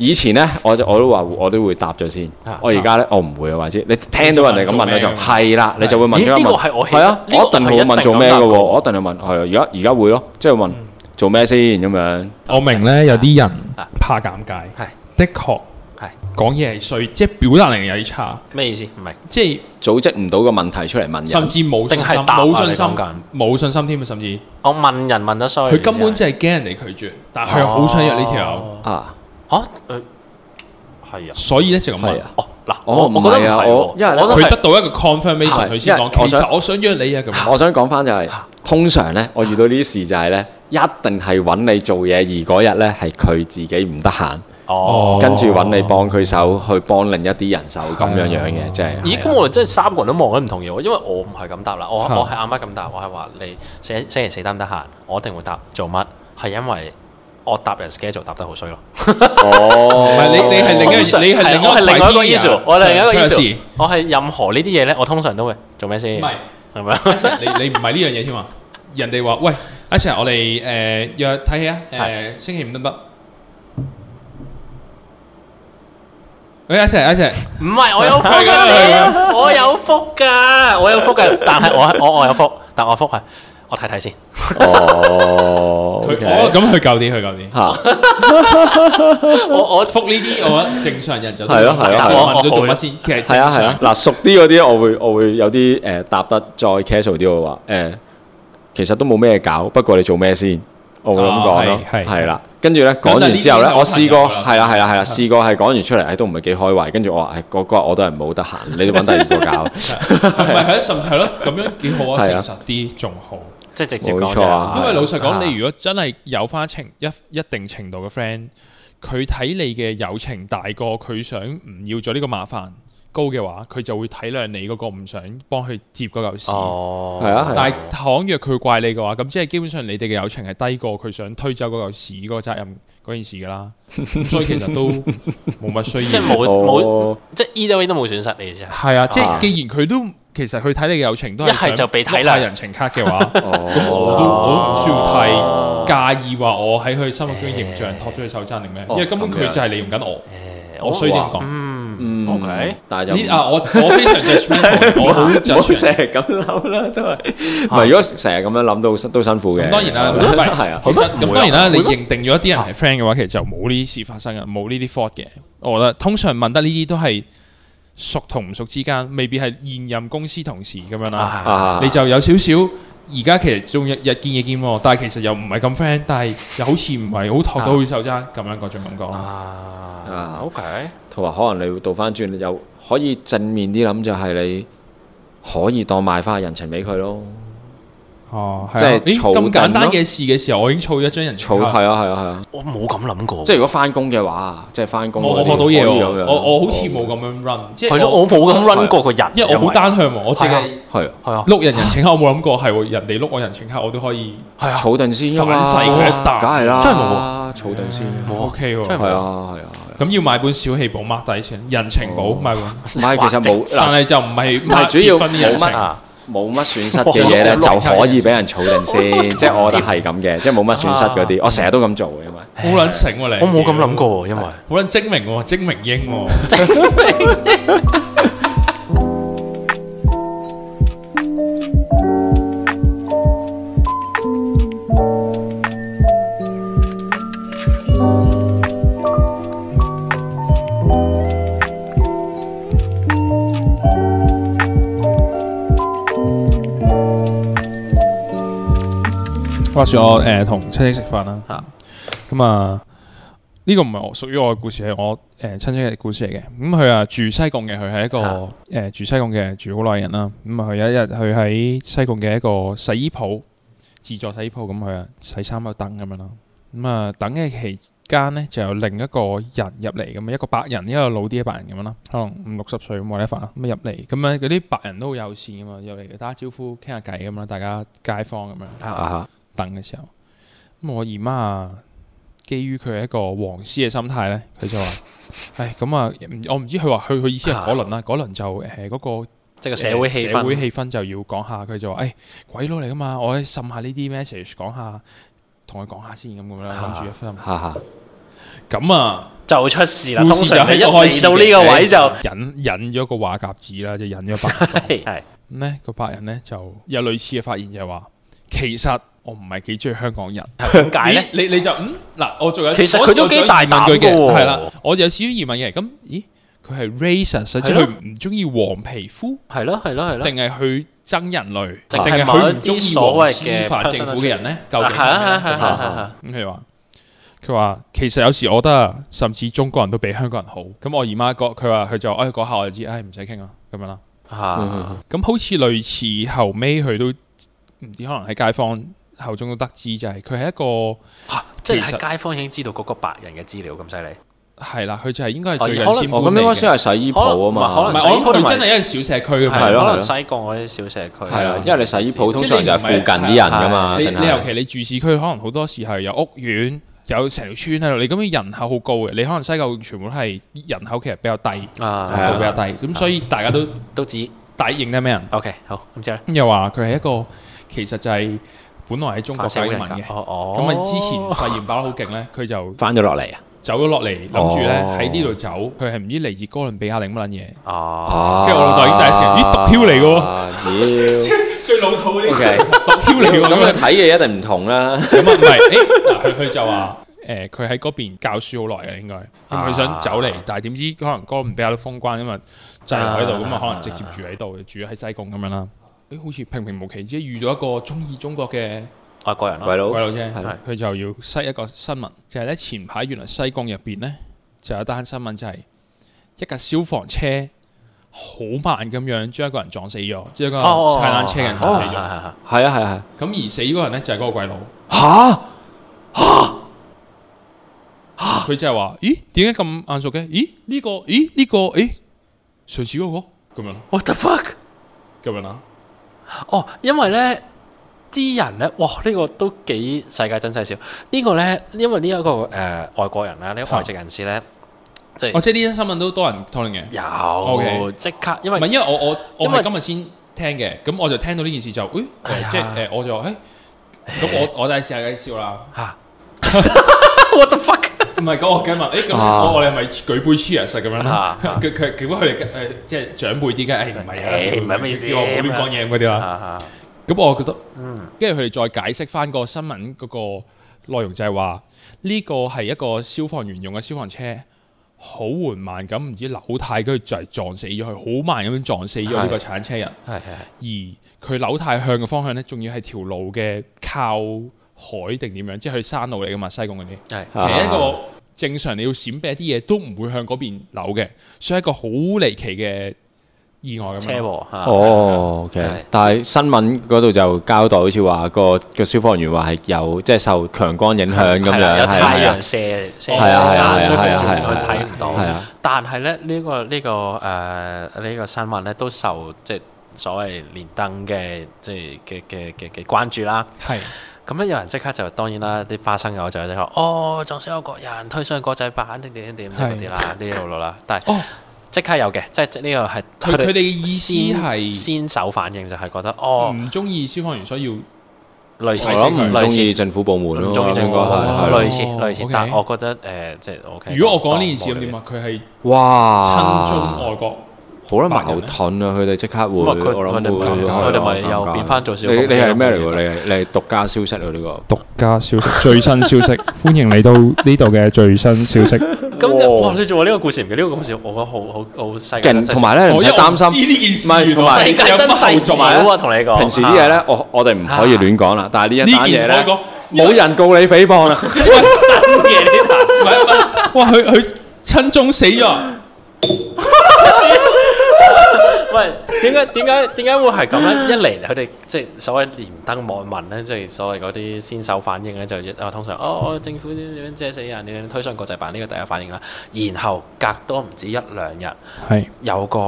以前咧，我就我都話我都會答咗先。我而家咧，我唔會啊，或者你聽到人哋咁問你就係啦，你就會問咗呢個係我啊，我一定係會問做咩嘅喎。我一定係問係而家而家會咯，即係問做咩先咁樣。我明咧，有啲人怕尷尬，係的確係講嘢係衰，即係表達能力有啲差。咩意思？唔明即係組織唔到個問題出嚟問人，甚至冇定係冇信心，冇信心添，甚至我問人問得衰，佢根本真係驚人哋拒絕，但係好想約呢條啊。嚇，誒係啊，所以咧就咁問，哦嗱，我唔覺得係喎，因為佢得到一個 confirmation，佢先講。其實我想約你啊，咁。我想講翻就係，通常咧我遇到呢啲事就係咧，一定係揾你做嘢，而嗰日咧係佢自己唔得閒。哦，跟住揾你幫佢手，去幫另一啲人手咁、啊、樣樣嘅，即係。咦？咁我真係三個人都望咗唔同嘢，因為我唔係咁答啦，我我係阿媽咁答，我係話你星星期四得唔得閒？我一定會答做乜？係因為。我答人 schedule 答得好衰咯。哦，唔係，你你係另一，你係我係另外一個 issue，我另一個 issue，我係任何呢啲嘢咧，我通常都會做咩先？唔係，係咪啊？阿 Sir，你你唔係呢樣嘢添啊？人哋話喂，阿 Sir，我哋誒約睇戲啊，誒星期五得唔得？喂，阿 Sir，阿 Sir，唔係我有福嘅，我有福噶，我有福噶，但係我我我有福，但係我福係。我睇睇先。哦，咁去舊年，去舊年。我我覆呢啲，我正常人就係咯，係咯。我問咗做乜先？其實係啊係啊。嗱熟啲嗰啲，我會我會有啲誒答得再 casual 啲嘅話誒，其實都冇咩搞。不過你做咩先？我會咁講咯，係啦。跟住咧講完之後咧，我試過係啊係啊係啊，試過係講完出嚟，都唔係幾開胃。跟住我話係個個我都係冇得閒，你哋揾第二個搞。唔係係咯，甚至咁樣幾好啊！誠實啲仲好。即係直接講，啊、因為老實講，啊、你如果真係有花情一一定程度嘅 friend，佢睇你嘅友情大過佢想唔要咗呢個麻煩高嘅話，佢就會體諒你嗰個唔想幫佢接嗰嚿屎。哦、但係倘若佢怪你嘅話，咁即係基本上你哋嘅友情係低過佢想推走嗰嚿屎嗰個責任嗰件事噶啦。所以其實都冇乜需要， 即係冇冇，即係依都冇損失你啫。啊，哦、即係既然佢都。其實去睇你嘅友情都係想派人情卡嘅話，咁我都我唔太介意話我喺佢心目中形象托咗佢手踭定咩？因為根本佢就係利用緊我。我衰點講，嗯，OK 但係就啊，我我非常之衰，我好衰，成日咁諗啦都係。唔係如果成日咁樣諗都都辛苦嘅。當然啦，唔係，係啊，其實咁當然啦，你認定咗一啲人係 friend 嘅話，其實就冇呢啲事發生嘅，冇呢啲 fault 嘅。我覺得通常問得呢啲都係。熟同唔熟之間，未必係現任公司同事咁樣啦、啊。啊、你就有少少而家其實仲日日見日見喎、啊，但係其實又唔係咁 friend，但係又好似唔係好託到去手啫手踭咁樣嗰種感覺啊，OK，同埋可能你會倒翻轉，又可以正面啲諗，就係你可以當賣返人情俾佢咯。哦，即係咁簡單嘅事嘅時候，我已經儲咗張人情卡。係啊，係啊，係啊，我冇咁諗過。即係如果翻工嘅話，即係翻工我學到嘢。我我好似冇咁樣 run，即係我冇咁 run 過個人，因為我好單向。我淨係係啊。碌人人情卡，我冇諗過係喎，人哋碌我人情卡，我都可以係啊，儲定先反噬佢一啖，梗係啦，真係冇啊，儲定先，OK 喎，真係啊，係啊，咁要買本小氣簿 mark 底先。人情簿買本，唔係其實冇，但係就唔係唔係主要冇乜冇乜損失嘅嘢咧，就可以俾人儲定先，即係我覺得係咁嘅，即係冇乜損失嗰啲，我成日都咁做嘅。因為好撚醒喎你，我冇咁諗過喎，因為好撚精明喎，精明英喎。話說我誒同、呃、親戚食飯啦，咁、嗯、啊呢、這個唔係我屬於我嘅故事，係我誒、呃、親戚嘅故事嚟嘅。咁、嗯、佢啊住西貢嘅，佢係一個誒、嗯呃、住西貢嘅住好耐人啦。咁啊佢、嗯、有一日佢喺西貢嘅一個洗衣鋪自助洗衣鋪，咁佢啊洗衫度等咁樣啦。咁啊等嘅期間呢，就有另一個人入嚟咁啊，一個白人，一個老啲嘅白人咁樣啦，可能五六十歲咁冇睇法啦。咁入嚟咁樣嗰啲、嗯、白人都好友善㗎嘛，入嚟打下招呼傾下偈咁啦，大家街坊咁樣。啊等嘅時候，咁我姨媽啊，基於佢一個黃絲嘅心態咧，佢就話：唉，咁啊，我唔知佢話佢佢意思係嗰輪啦，嗰輪、啊、就誒嗰、呃那個即係個社會氣氛，社會氣氛就要講下，佢就話：唉，鬼佬嚟噶嘛，我滲下呢啲 message，講下，同佢講下先咁咁啦。吓吓，咁啊就，就出事啦，通常係一開到呢個位就引引咗個話匣子啦，就引咗白人，咁呢，個白人呢，就有類似嘅發言，就係話其實。其實我唔係幾中意香港人，點解咧？你你你就嗯嗱，我仲有，其實佢都幾大膽嘅，係啦。我有少少疑問嘅，咁咦，佢係 racist，即係佢唔中意黃皮膚，係咯係咯係咯，定係去憎人類，定係佢唔中意所謂嘅政府嘅人咧？究竟？譬如話佢話其實有時我覺得甚至中國人都比香港人好。咁我姨媽講，佢話佢就哎嗰下我就知，哎唔使傾啦，咁樣啦。吓咁好似類似後尾佢都唔知可能喺街坊。口中都得知就係佢係一個，即係街坊已經知道嗰個白人嘅資料咁犀利。係啦，佢就係應該係對人先咁應該先係洗衣鋪啊嘛。可能洗衣鋪真係一個小社區嘅嘛。係咯，西貢嗰啲小社區係啊，因為你洗衣鋪通常就係附近啲人㗎嘛。你尤其你住市區，可能好多時係有屋苑，有成條村喺度。你咁樣人口好高嘅，你可能西貢全部都係人口其實比較低比較低。咁所以大家都都知底一認得咩人？OK，好咁之後咧，又話佢係一個其實就係。本來喺中國教英文嘅，咁啊之前發現爆得好勁咧，佢就翻咗落嚟啊，走咗落嚟，諗住咧喺呢度走，佢係唔知嚟自哥倫比亞定乜撚嘢啊？跟住我老豆已經第一次咦毒漂嚟嘅喎，最老土嗰啲毒漂嚟嘅，咁佢睇嘢一定唔同啦。咁啊唔係，佢佢就話誒佢喺嗰邊教書好耐嘅應該，咁佢想走嚟，但係點知可能哥倫比亞都封關咁啊，就喺度咁啊，可能直接住喺度住喺西貢咁樣啦。誒、哎，好似平平無奇，只係遇到一個中意中國嘅外國人咯。鬼佬，鬼佬啫，係佢就要塞一個新聞，就係、是、咧前排原來西貢入邊咧就有單新聞，就係、是、一架消防車好慢咁樣將一個人撞死咗，即係個踩單車嘅人撞死咗，係啊係啊。咁而死嗰個人咧就係嗰個鬼佬吓吓吓，佢就係話：咦，點解咁眼熟嘅？咦呢、這個？咦呢、這個？誒，上次嗰個咁樣？What the fuck？咁樣啊？哦，因為咧啲人咧，哇，呢、這個都幾世界真細少。這個、呢個咧，因為呢、這、一個誒、呃、外國人啦、啊，呢、這個、外籍人士咧，即係哈、就是、哦，即係呢啲新聞都多人討論嘅。有，即 Okay. 刻，因為唔係，因為我我為我係今日先聽嘅，咁我就聽到呢件事就，誒、欸，哎、呀即係誒、呃，我就誒，咁、欸、我、哎、呀我，我，我再試下解笑啦。吓哈 ，What the fuck！唔係嗰個嘅嘛，誒咁我哋係咪舉杯 cheers 咁樣佢佢佢哋誒即係長輩啲嘅？誒唔係唔係咩意思？唔好亂講嘢嗰啲啦。咁我覺得，嗯，跟住佢哋再解釋翻個新聞嗰個內容就，就係話呢個係一個消防員用嘅消防車，好緩慢咁，唔知扭軚跟住就係撞死咗佢，好慢咁樣撞死咗呢個鏟車人。而佢扭軚向嘅方向咧，仲要係條路嘅靠海定點樣？即係去山路嚟噶嘛？西貢嗰啲係其實一個正常，你要閃避一啲嘢都唔會向嗰邊扭嘅，所以係一個好離奇嘅意外嘅車禍嚇。哦，OK，但係新聞嗰度就交代，好似話個個消防員話係有即係受強光影響咁樣，有太陽射射到啊，所以佢睇唔到。係啊，但係咧呢個呢個誒呢個新聞咧都受即係所謂連登嘅即係嘅嘅嘅嘅關注啦。係。咁咧有人即刻就當然啦，啲花生友就喺度講：哦，仲少有國人推上國際版定點點嗰啲啦，呢度啦。但係即刻有嘅，即係呢個係佢哋嘅意思係先手反應，就係覺得哦，唔中意消防員所以要類似類似政府部門咯，類似類似。但係我覺得誒，即係 OK。如果我講呢件事咁點啊？佢係哇親中外國。好啦，矛盾啊！佢哋即刻會，我諗會，我哋咪又變翻做小風精。你你係咩嚟？喎，你係你係獨家消息喎！呢個獨家消息，最新消息，歡迎嚟到呢度嘅最新消息。咁就哇，你做呢個故事唔記得，呢個故事我覺得好好好細。同埋咧，唔使擔心，唔係同埋有冇錯？同你講，平時啲嘢咧，我我哋唔可以亂講啦。但係呢一單嘢咧，冇人告你誹謗啊！真嘅，唔係唔係，哇！佢佢親宗死咗。點解點解點解會係咁咧？一嚟佢哋即係所謂連登網民咧，即係所謂嗰啲先手反應咧，就一通常哦，政府點點樣借死人，你推上國際版呢個第一反應啦。然後隔多唔止一兩日，係是有個誒、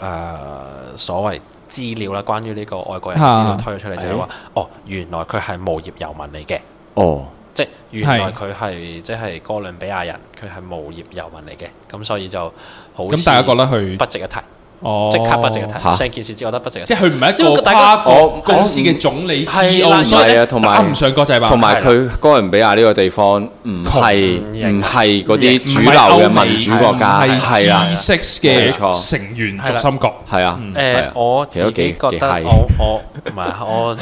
呃、所謂資料啦，關於呢個外國人資料推咗出嚟，是就話哦，原來佢係無業遊民嚟嘅。哦，即係原來佢係是即係哥倫比亞人，佢係無業遊民嚟嘅。咁所以就好咁大家覺得佢不值一提。哦，即刻不值睇，成件事只覺得不值。即係佢唔係，因為大家公司嘅總理 CEO 係啊，同埋打唔上國際化，同埋佢哥倫比亞呢個地方唔係唔係嗰啲主流嘅民主國家，係知識嘅成員核心國，係啊。誒，我自己覺得我我唔係我。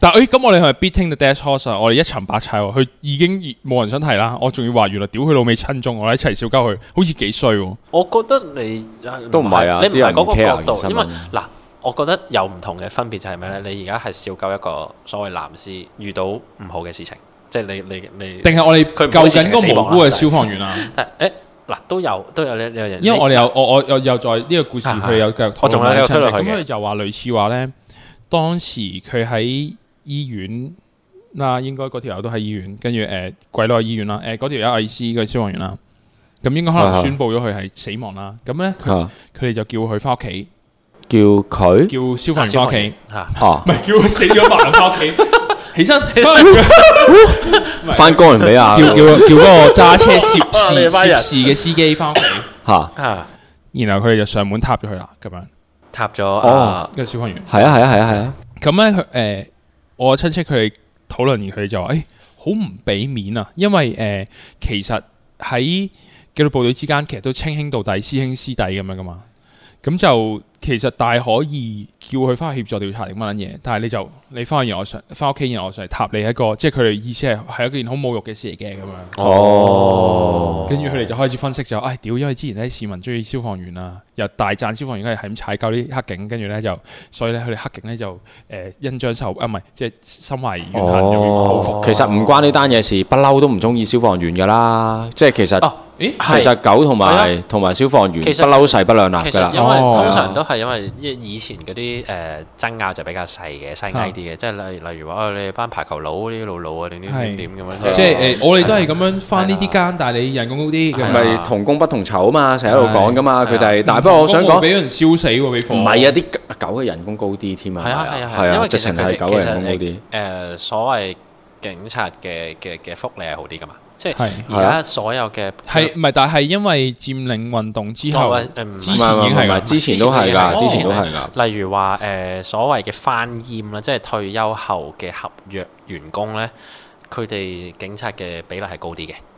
但係誒，咁我哋係咪 beating the dead horse？我哋一層白砌喎，佢已經冇人想提啦。我仲要話原來屌佢老味親中，我一齊笑鳩佢，好似幾衰喎。我覺得你都唔係啊，啲人。嗰個角度，因為嗱，我覺得有唔同嘅分別就係咩咧？你而家係少救一個所謂男士遇到唔好嘅事情，即係你你你，定係我哋佢救緊嗰個無辜嘅消防員啊？誒嗱，都有都有呢呢個人，因為我哋有我我又又在呢個故事佢有繼續仲有出嚟。咁佢又話類似話咧，當時佢喺醫院嗱，應該嗰條友都喺醫院，跟住誒鬼佬醫院啦，誒嗰條友係私嘅消防員啦。咁應該可能宣布咗佢係死亡啦。咁咧，佢佢哋就叫佢翻屋企，叫佢叫消防員翻屋企吓，唔係叫佢死咗埋翻屋企起身翻工人俾啊，叫叫叫嗰個揸車涉事涉事嘅司機翻屋企！吓，然後佢哋就上門塌咗佢啦，咁樣塌咗啊，跟住消防員係啊係啊係啊係啊。咁咧，誒，我親戚佢哋討論完佢哋就話，誒，好唔俾面啊，因為誒，其實喺。紀律部隊之間其實都稱兄道弟、師兄師弟咁樣噶嘛，咁就其實大可以叫佢翻去協助調查啲乜嘢，但係你就你翻去完我上翻屋企，然後我上嚟塔你一個，即係佢哋意思係係一件好侮辱嘅事嚟嘅咁樣。哦，跟住佢哋就開始分析就，唉，屌！因為之前啲市民中意消防員啊，又大讚消防員係咁踩救啲黑警，跟住咧就所以咧佢哋黑警咧就誒印象受啊唔係即係心懷怨恨，其實唔關呢單嘢事，不嬲都唔中意消防員噶啦，即係其實。啊誒，其實狗同埋同埋消防員不嬲勢不兩立噶啦，通常都係因為一以前嗰啲誒爭拗就比較細嘅，細啲嘅，即係例例如話啊，你哋班排球佬嗰啲老佬啊，點點點點咁樣，即係誒，我哋都係咁樣翻呢啲間，但係你人工高啲，唔係同工不同酬啊嘛，成日喺度講噶嘛，佢哋，但不過我想講，俾人燒死喎，俾火，唔係啊，啲狗嘅人工高啲添啊，係啊係啊係啊，因為直情係狗嘅人工高啲，誒，所謂警察嘅嘅嘅福利係好啲噶嘛。即係而家所有嘅係唔係？但係因為佔領運動之後，哦、之前已經係之前都係㗎，之前都係㗎。哦、例如話誒、呃，所謂嘅翻譯啦，即係退休後嘅合約員工咧，佢哋警察嘅比例係高啲嘅。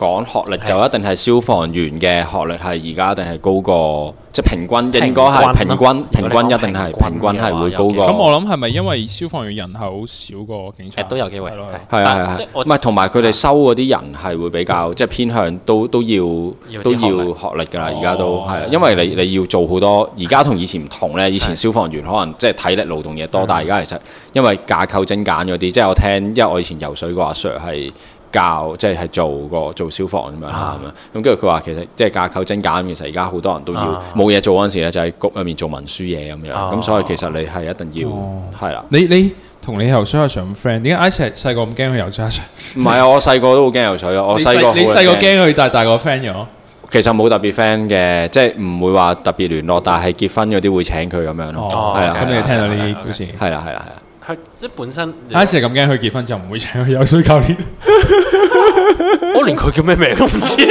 講學歷就一定係消防員嘅學歷係而家一定係高過即係平均，應該係平均，平均一定係平均係會高過。咁我諗係咪因為消防員人口少過警察？都有機會係啊，唔係同埋佢哋收嗰啲人係會比較即係偏向都都要都要學歷㗎啦，而家都係因為你你要做好多。而家同以前唔同咧，以前消防員可能即係體力勞動嘢多，但係而家其實因為架構精簡嗰啲，即係我聽，因為我以前游水嘅阿 Sir 係。教即係做個做消防咁樣咁，跟住佢話其實即係架構精簡，其實而家好多人都要冇嘢做嗰陣時咧，就喺局入面做文書嘢咁樣，咁所以其實你係一定要係啦。你你同你游水阿常 friend，點解 Iset 細個咁驚去游水？唔係啊，我細個都好驚游水啊。我細個你細個驚佢，但大個 friend 咗。其實冇特別 friend 嘅，即係唔會話特別聯絡，但係結婚嗰啲會請佢咁樣咯。係咁你聽到呢啲故事係啦，係啦，係係即係本身，阿 Sir 咁驚佢結婚就唔會請佢，有水教練，我連佢叫咩名都唔知。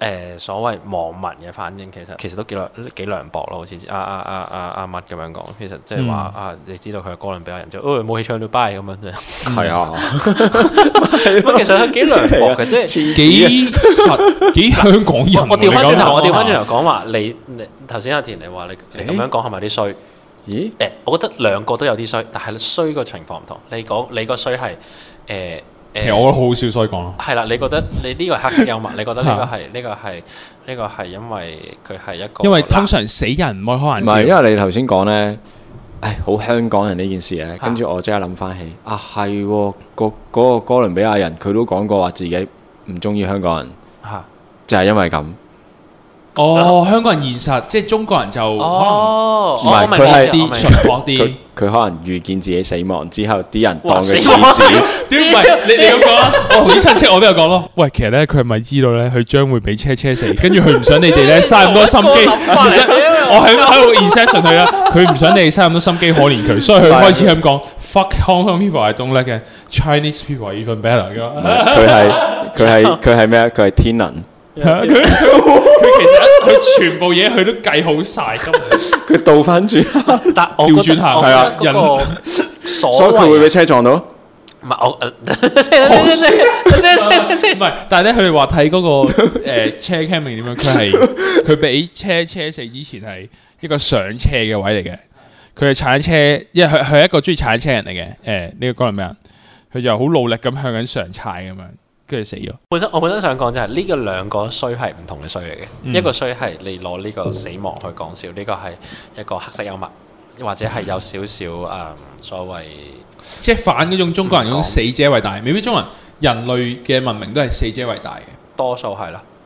誒，所謂網民嘅反應，其實其實都幾涼幾涼薄咯，好似阿阿阿阿阿麥咁樣講。其實即係話啊，你知道佢係哥倫比亞人就，冇氣唱到 bye 咁樣啫。係啊，其實佢幾涼薄嘅，即係幾實幾香港人。我調翻轉頭，我調翻轉頭講話，你你頭先阿田，你話你咁樣講係咪啲衰？咦？誒，我覺得兩個都有啲衰，但係衰個情況唔同。你講你個衰係誒誒，呃、其實我覺得好少衰講咯。係啦，你覺得你呢個黑色幽默？ 你覺得呢個係呢 個係呢、呢個係、呢個、因為佢係一個因為通常死人唔會開玩笑。唔係，因為你頭先講呢，誒，好香港人呢件事呢，跟住我即刻諗翻起啊，係個嗰個哥倫比亞人，佢都講過話自己唔中意香港人，吓就係因為咁。哦，香港人現實，即係中國人就哦，唔係佢係啲淳樸啲，佢可能遇見自己死亡之後，啲人當佢兒子。點唔係？你你咁講啊？我同啲親戚我都有講咯。喂，其實咧佢係咪知道咧佢將會俾車車死？跟住佢唔想你哋咧嘥咁多心機。我喺喺度 inception 佢啦。佢唔想你哋嘥咁多心機，可憐佢，所以佢開始咁講。Fuck Hong Kong people are don't like it. Chinese people are even better。佢係佢係佢係咩啊？佢係天能。係啊！佢。佢其實佢全部嘢佢都計好晒。曬，佢倒翻轉，調轉下，係啊，人， 所以佢會俾車撞到。唔係但係咧、那個，佢哋話睇嗰個誒車 camming 點樣？佢係佢俾車車死之前係一個上車嘅位嚟嘅。佢係踩車，因為佢係一個鍾意踩車人嚟嘅。誒、欸，你講嚟咩啊？佢就好努力咁向緊上踩咁樣。跟住死咗。本身我本身想講就係呢個兩個衰係唔同嘅衰嚟嘅，嗯、一個衰係你攞呢個死亡去講笑，呢、呢個係一個黑色幽默，或者係有少少誒所謂，即係反嗰種中國人嗰種死者為大。未必中文人類嘅文明都係死者為大嘅，多數係啦。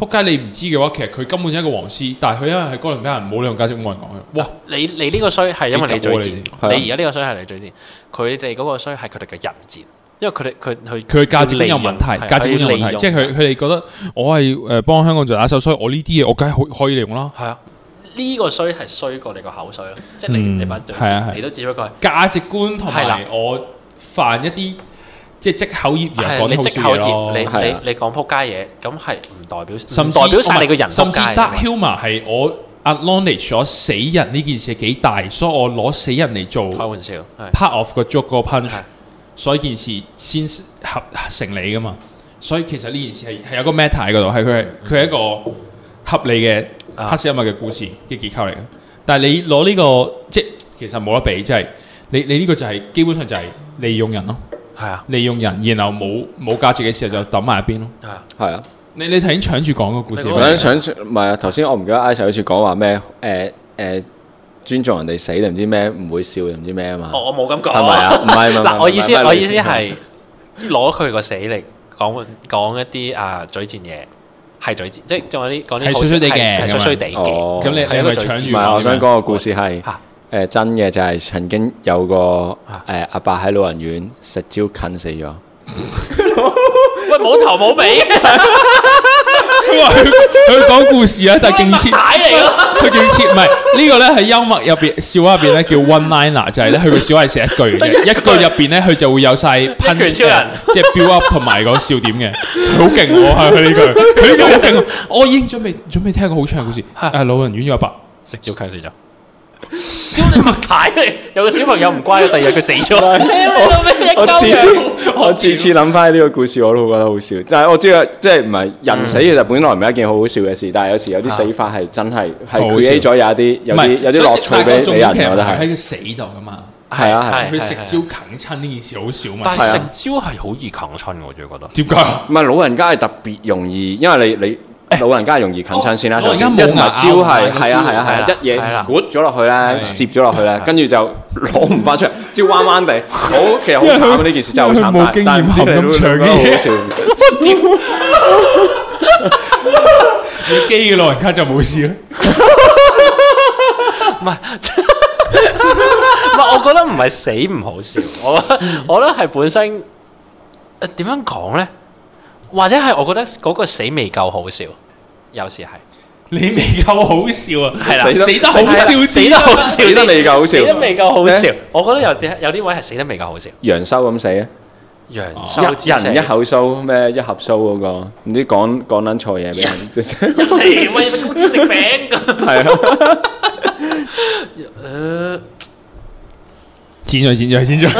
仆街，你唔知嘅話，其實佢根本就係一個黃絲，但係佢因為係哥倫比亞人，冇用價值觀嚟講，哇！你你呢個衰係因為你最賤，啊、你而家呢個衰係你最賤，佢哋嗰個衰係佢哋嘅人賤，因為佢哋佢佢佢嘅價值觀有問題，啊、價值觀有問題，啊、即係佢佢哋覺得我係誒幫香港做打手，衰。我呢啲嘢我梗係可可以利用啦，係啊，呢、呢個衰係衰過你個口水啦，即係你、嗯、你把嘴賤，啊啊啊、你都只不過係價值觀同埋我犯一啲。即係藉口業人講啲好笑嘅咯，係啊！你藉口業，你你你講撲街嘢，咁係唔代表，甚至代表曬你個人撲街。甚至得 humour 係我 acknowledge 咗死人呢件事幾大，所以我攞死人嚟做開玩笑，係 part of 個 joke 個 punch，所以件事先合成理噶嘛。所以其實呢件事係係有個 matter 喺度，係佢係佢係一個合理嘅黑色幽默嘅故事嘅結構嚟嘅。但係你攞呢個即係其實冇得比，即係你你呢個就係基本上就係利用人咯。係啊，利用人，然後冇冇價值嘅時候就抌埋一邊咯。係啊，係啊。你你頭先搶住講個故事，我想搶住唔係啊。頭先我唔記得 Isaac 好似講話咩？誒誒，尊重人哋死定唔知咩？唔會笑又唔知咩啊嘛。我冇咁講，係咪啊？唔係嗱，我意思我意思係攞佢個死嚟講，講一啲啊嘴賤嘢，係嘴賤，即係仲有啲講啲衰衰地嘅，衰衰地嘅。咁你係咪搶住啊？我想講個故事係。誒、呃，真嘅就係曾經有個誒阿伯喺老人院食蕉啃死咗。 喂，冇頭冇尾。佢話佢講故事啊，但係勁切。佢勁切唔係呢個咧，喺幽默入邊笑話入邊咧叫 one liner，就係咧佢個笑話寫一句，嘅， 一句入邊咧佢就會有晒噴超人，即 係 build up 同埋個笑點嘅，好勁。係呢句，呢句勁。 我已經準備準備聽個好長故事，係老人院阿伯食蕉啃死咗。 有個小朋友唔乖，第二日佢死咗。我次次諗翻呢個故事，我都會覺得好笑。但係我知啊，即係唔係人死其實本來唔係一件好好笑嘅事，但係有時有啲死法係真係係起咗有一啲有啲有啲樂趣俾人。我覺得係喺佢死度噶嘛。係啊，係佢食蕉啃親呢件事好少嘛。但係食蕉係好易啃親我仲要覺得。點解？唔係老人家係特別容易，因為你你。老人家容易近親先啦，同埋蕉係，係啊係啊係，一嘢攣咗落去咧，攝咗落去咧，跟住就攞唔翻出嚟，蕉彎彎地，好其實好慘呢件事真係好慘，但係經冇咁嘅老人家就冇事咯。唔係，唔係，我覺得唔係死唔好笑，我我覺得係本身，誒，點樣講咧？或者係我覺得嗰個死未夠好笑，有時係你未夠好笑啊，係啦，死得好笑，死得好笑，死得未夠好笑，死得未夠好笑，我覺得有啲有啲位係死得未夠好笑。楊修咁死啊，楊修，一人一口酥，咩一盒酥嗰個，唔知講講緊錯嘢俾人。人哋餵公司食餅噶。係啊。呃，剪咗剪咗剪咗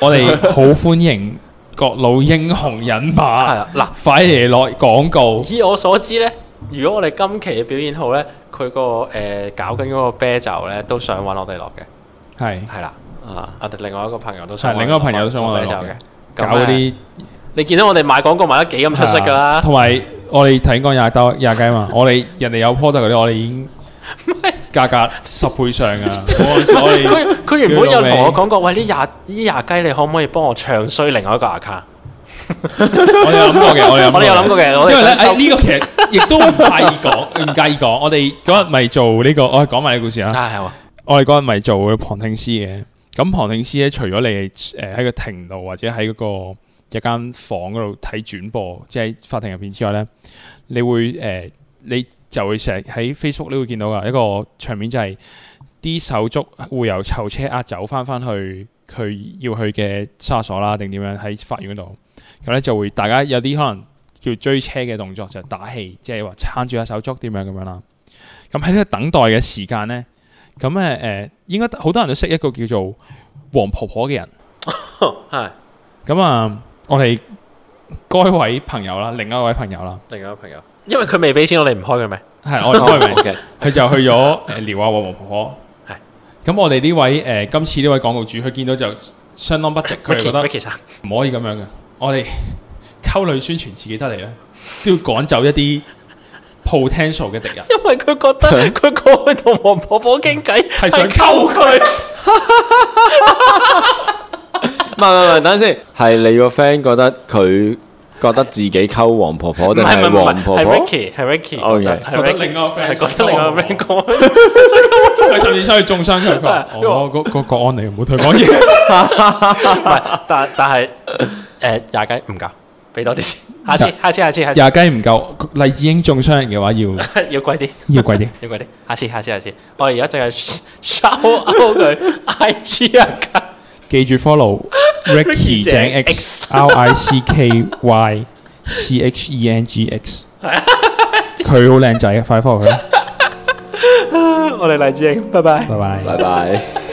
我哋好歡迎。各路英雄人馬，係啊！嗱，快嚟落廣告。以我所知咧，如果我哋今期嘅表演好咧，佢、嗰個誒、呃、搞緊嗰個啤酒咧，都想揾我哋落嘅。係係啦，的啊！我哋另外一個朋友都想。係，另外一個朋友都想我哋落嘅，搞嗰啲。那啊、你見到我哋賣廣告賣得幾咁出色噶啦？同埋我哋頭先講廿刀廿雞嘛，我哋人哋有 porter 嗰啲，我哋已經。唔價格十倍上啊！佢佢 原本有同我講過， 喂，呢廿啲廿雞，你可唔可以幫我唱衰另外一個牙卡？ 我哋有諗過嘅，我哋有，我哋有諗過嘅。因為咧，呢、哎這個其實亦都唔介意講，唔 介意講。我哋嗰日咪做呢、這個，我哋講埋呢個故事啊，我哋嗰日咪做旁聽師嘅。咁旁聽師咧，除咗你誒喺、呃、個庭度或者喺嗰、那個一間房嗰度睇轉播，即係法庭入邊之外咧，你會誒。呃呃你就會成日喺 Facebook 都會見到噶一個場面，就係啲手足會由囚車押走翻翻去佢要去嘅沙所啦，定點樣喺法院嗰度？咁咧就會大家有啲可能叫追車嘅動作，就打氣，即係話撐住下手足點樣咁樣啦。咁喺呢個等待嘅時間呢，咁誒誒，應該好多人都識一個叫做黃婆婆嘅人。係。咁啊，我哋該位朋友啦，另一位朋友啦，另一位朋友。因為佢未俾錢我，你唔 開佢咩？係我哋開明嘅，佢就去咗誒撩下黃婆婆。係咁是，我哋呢位誒、呃，今次呢位廣告主，佢見到就相當不值，佢、啊、覺得唔可以咁樣嘅。我哋溝女宣傳自己得嚟咧，都要趕走一啲 potential 嘅敵人，因為佢覺得佢過去同黃婆婆傾偈係想溝佢。唔係唔係，等先，係你個 friend 覺得佢。覺得自己溝黃婆婆定係黃婆婆？係 Ricky，係 Ricky，我覺得另外一個 friend，覺得另一個 friend 講，所以佢甚至想去中傷佢。我嗰嗰個案你唔好推廣嘢。但但係誒廿雞唔夠，俾、呃、多啲先。下次，下次，下次，下次。廿雞唔夠，黎智英中傷嘅話要要貴啲，要貴啲，要貴啲。下次，下次，下次，我哋而家淨係收勾佢 IG 啊！A 記住 follow。Ricky Cheng X，R I C K Y C H E N G X，係啊，佢好靚仔啊，快發落去啦，我哋嚟見，拜拜，拜拜，拜拜。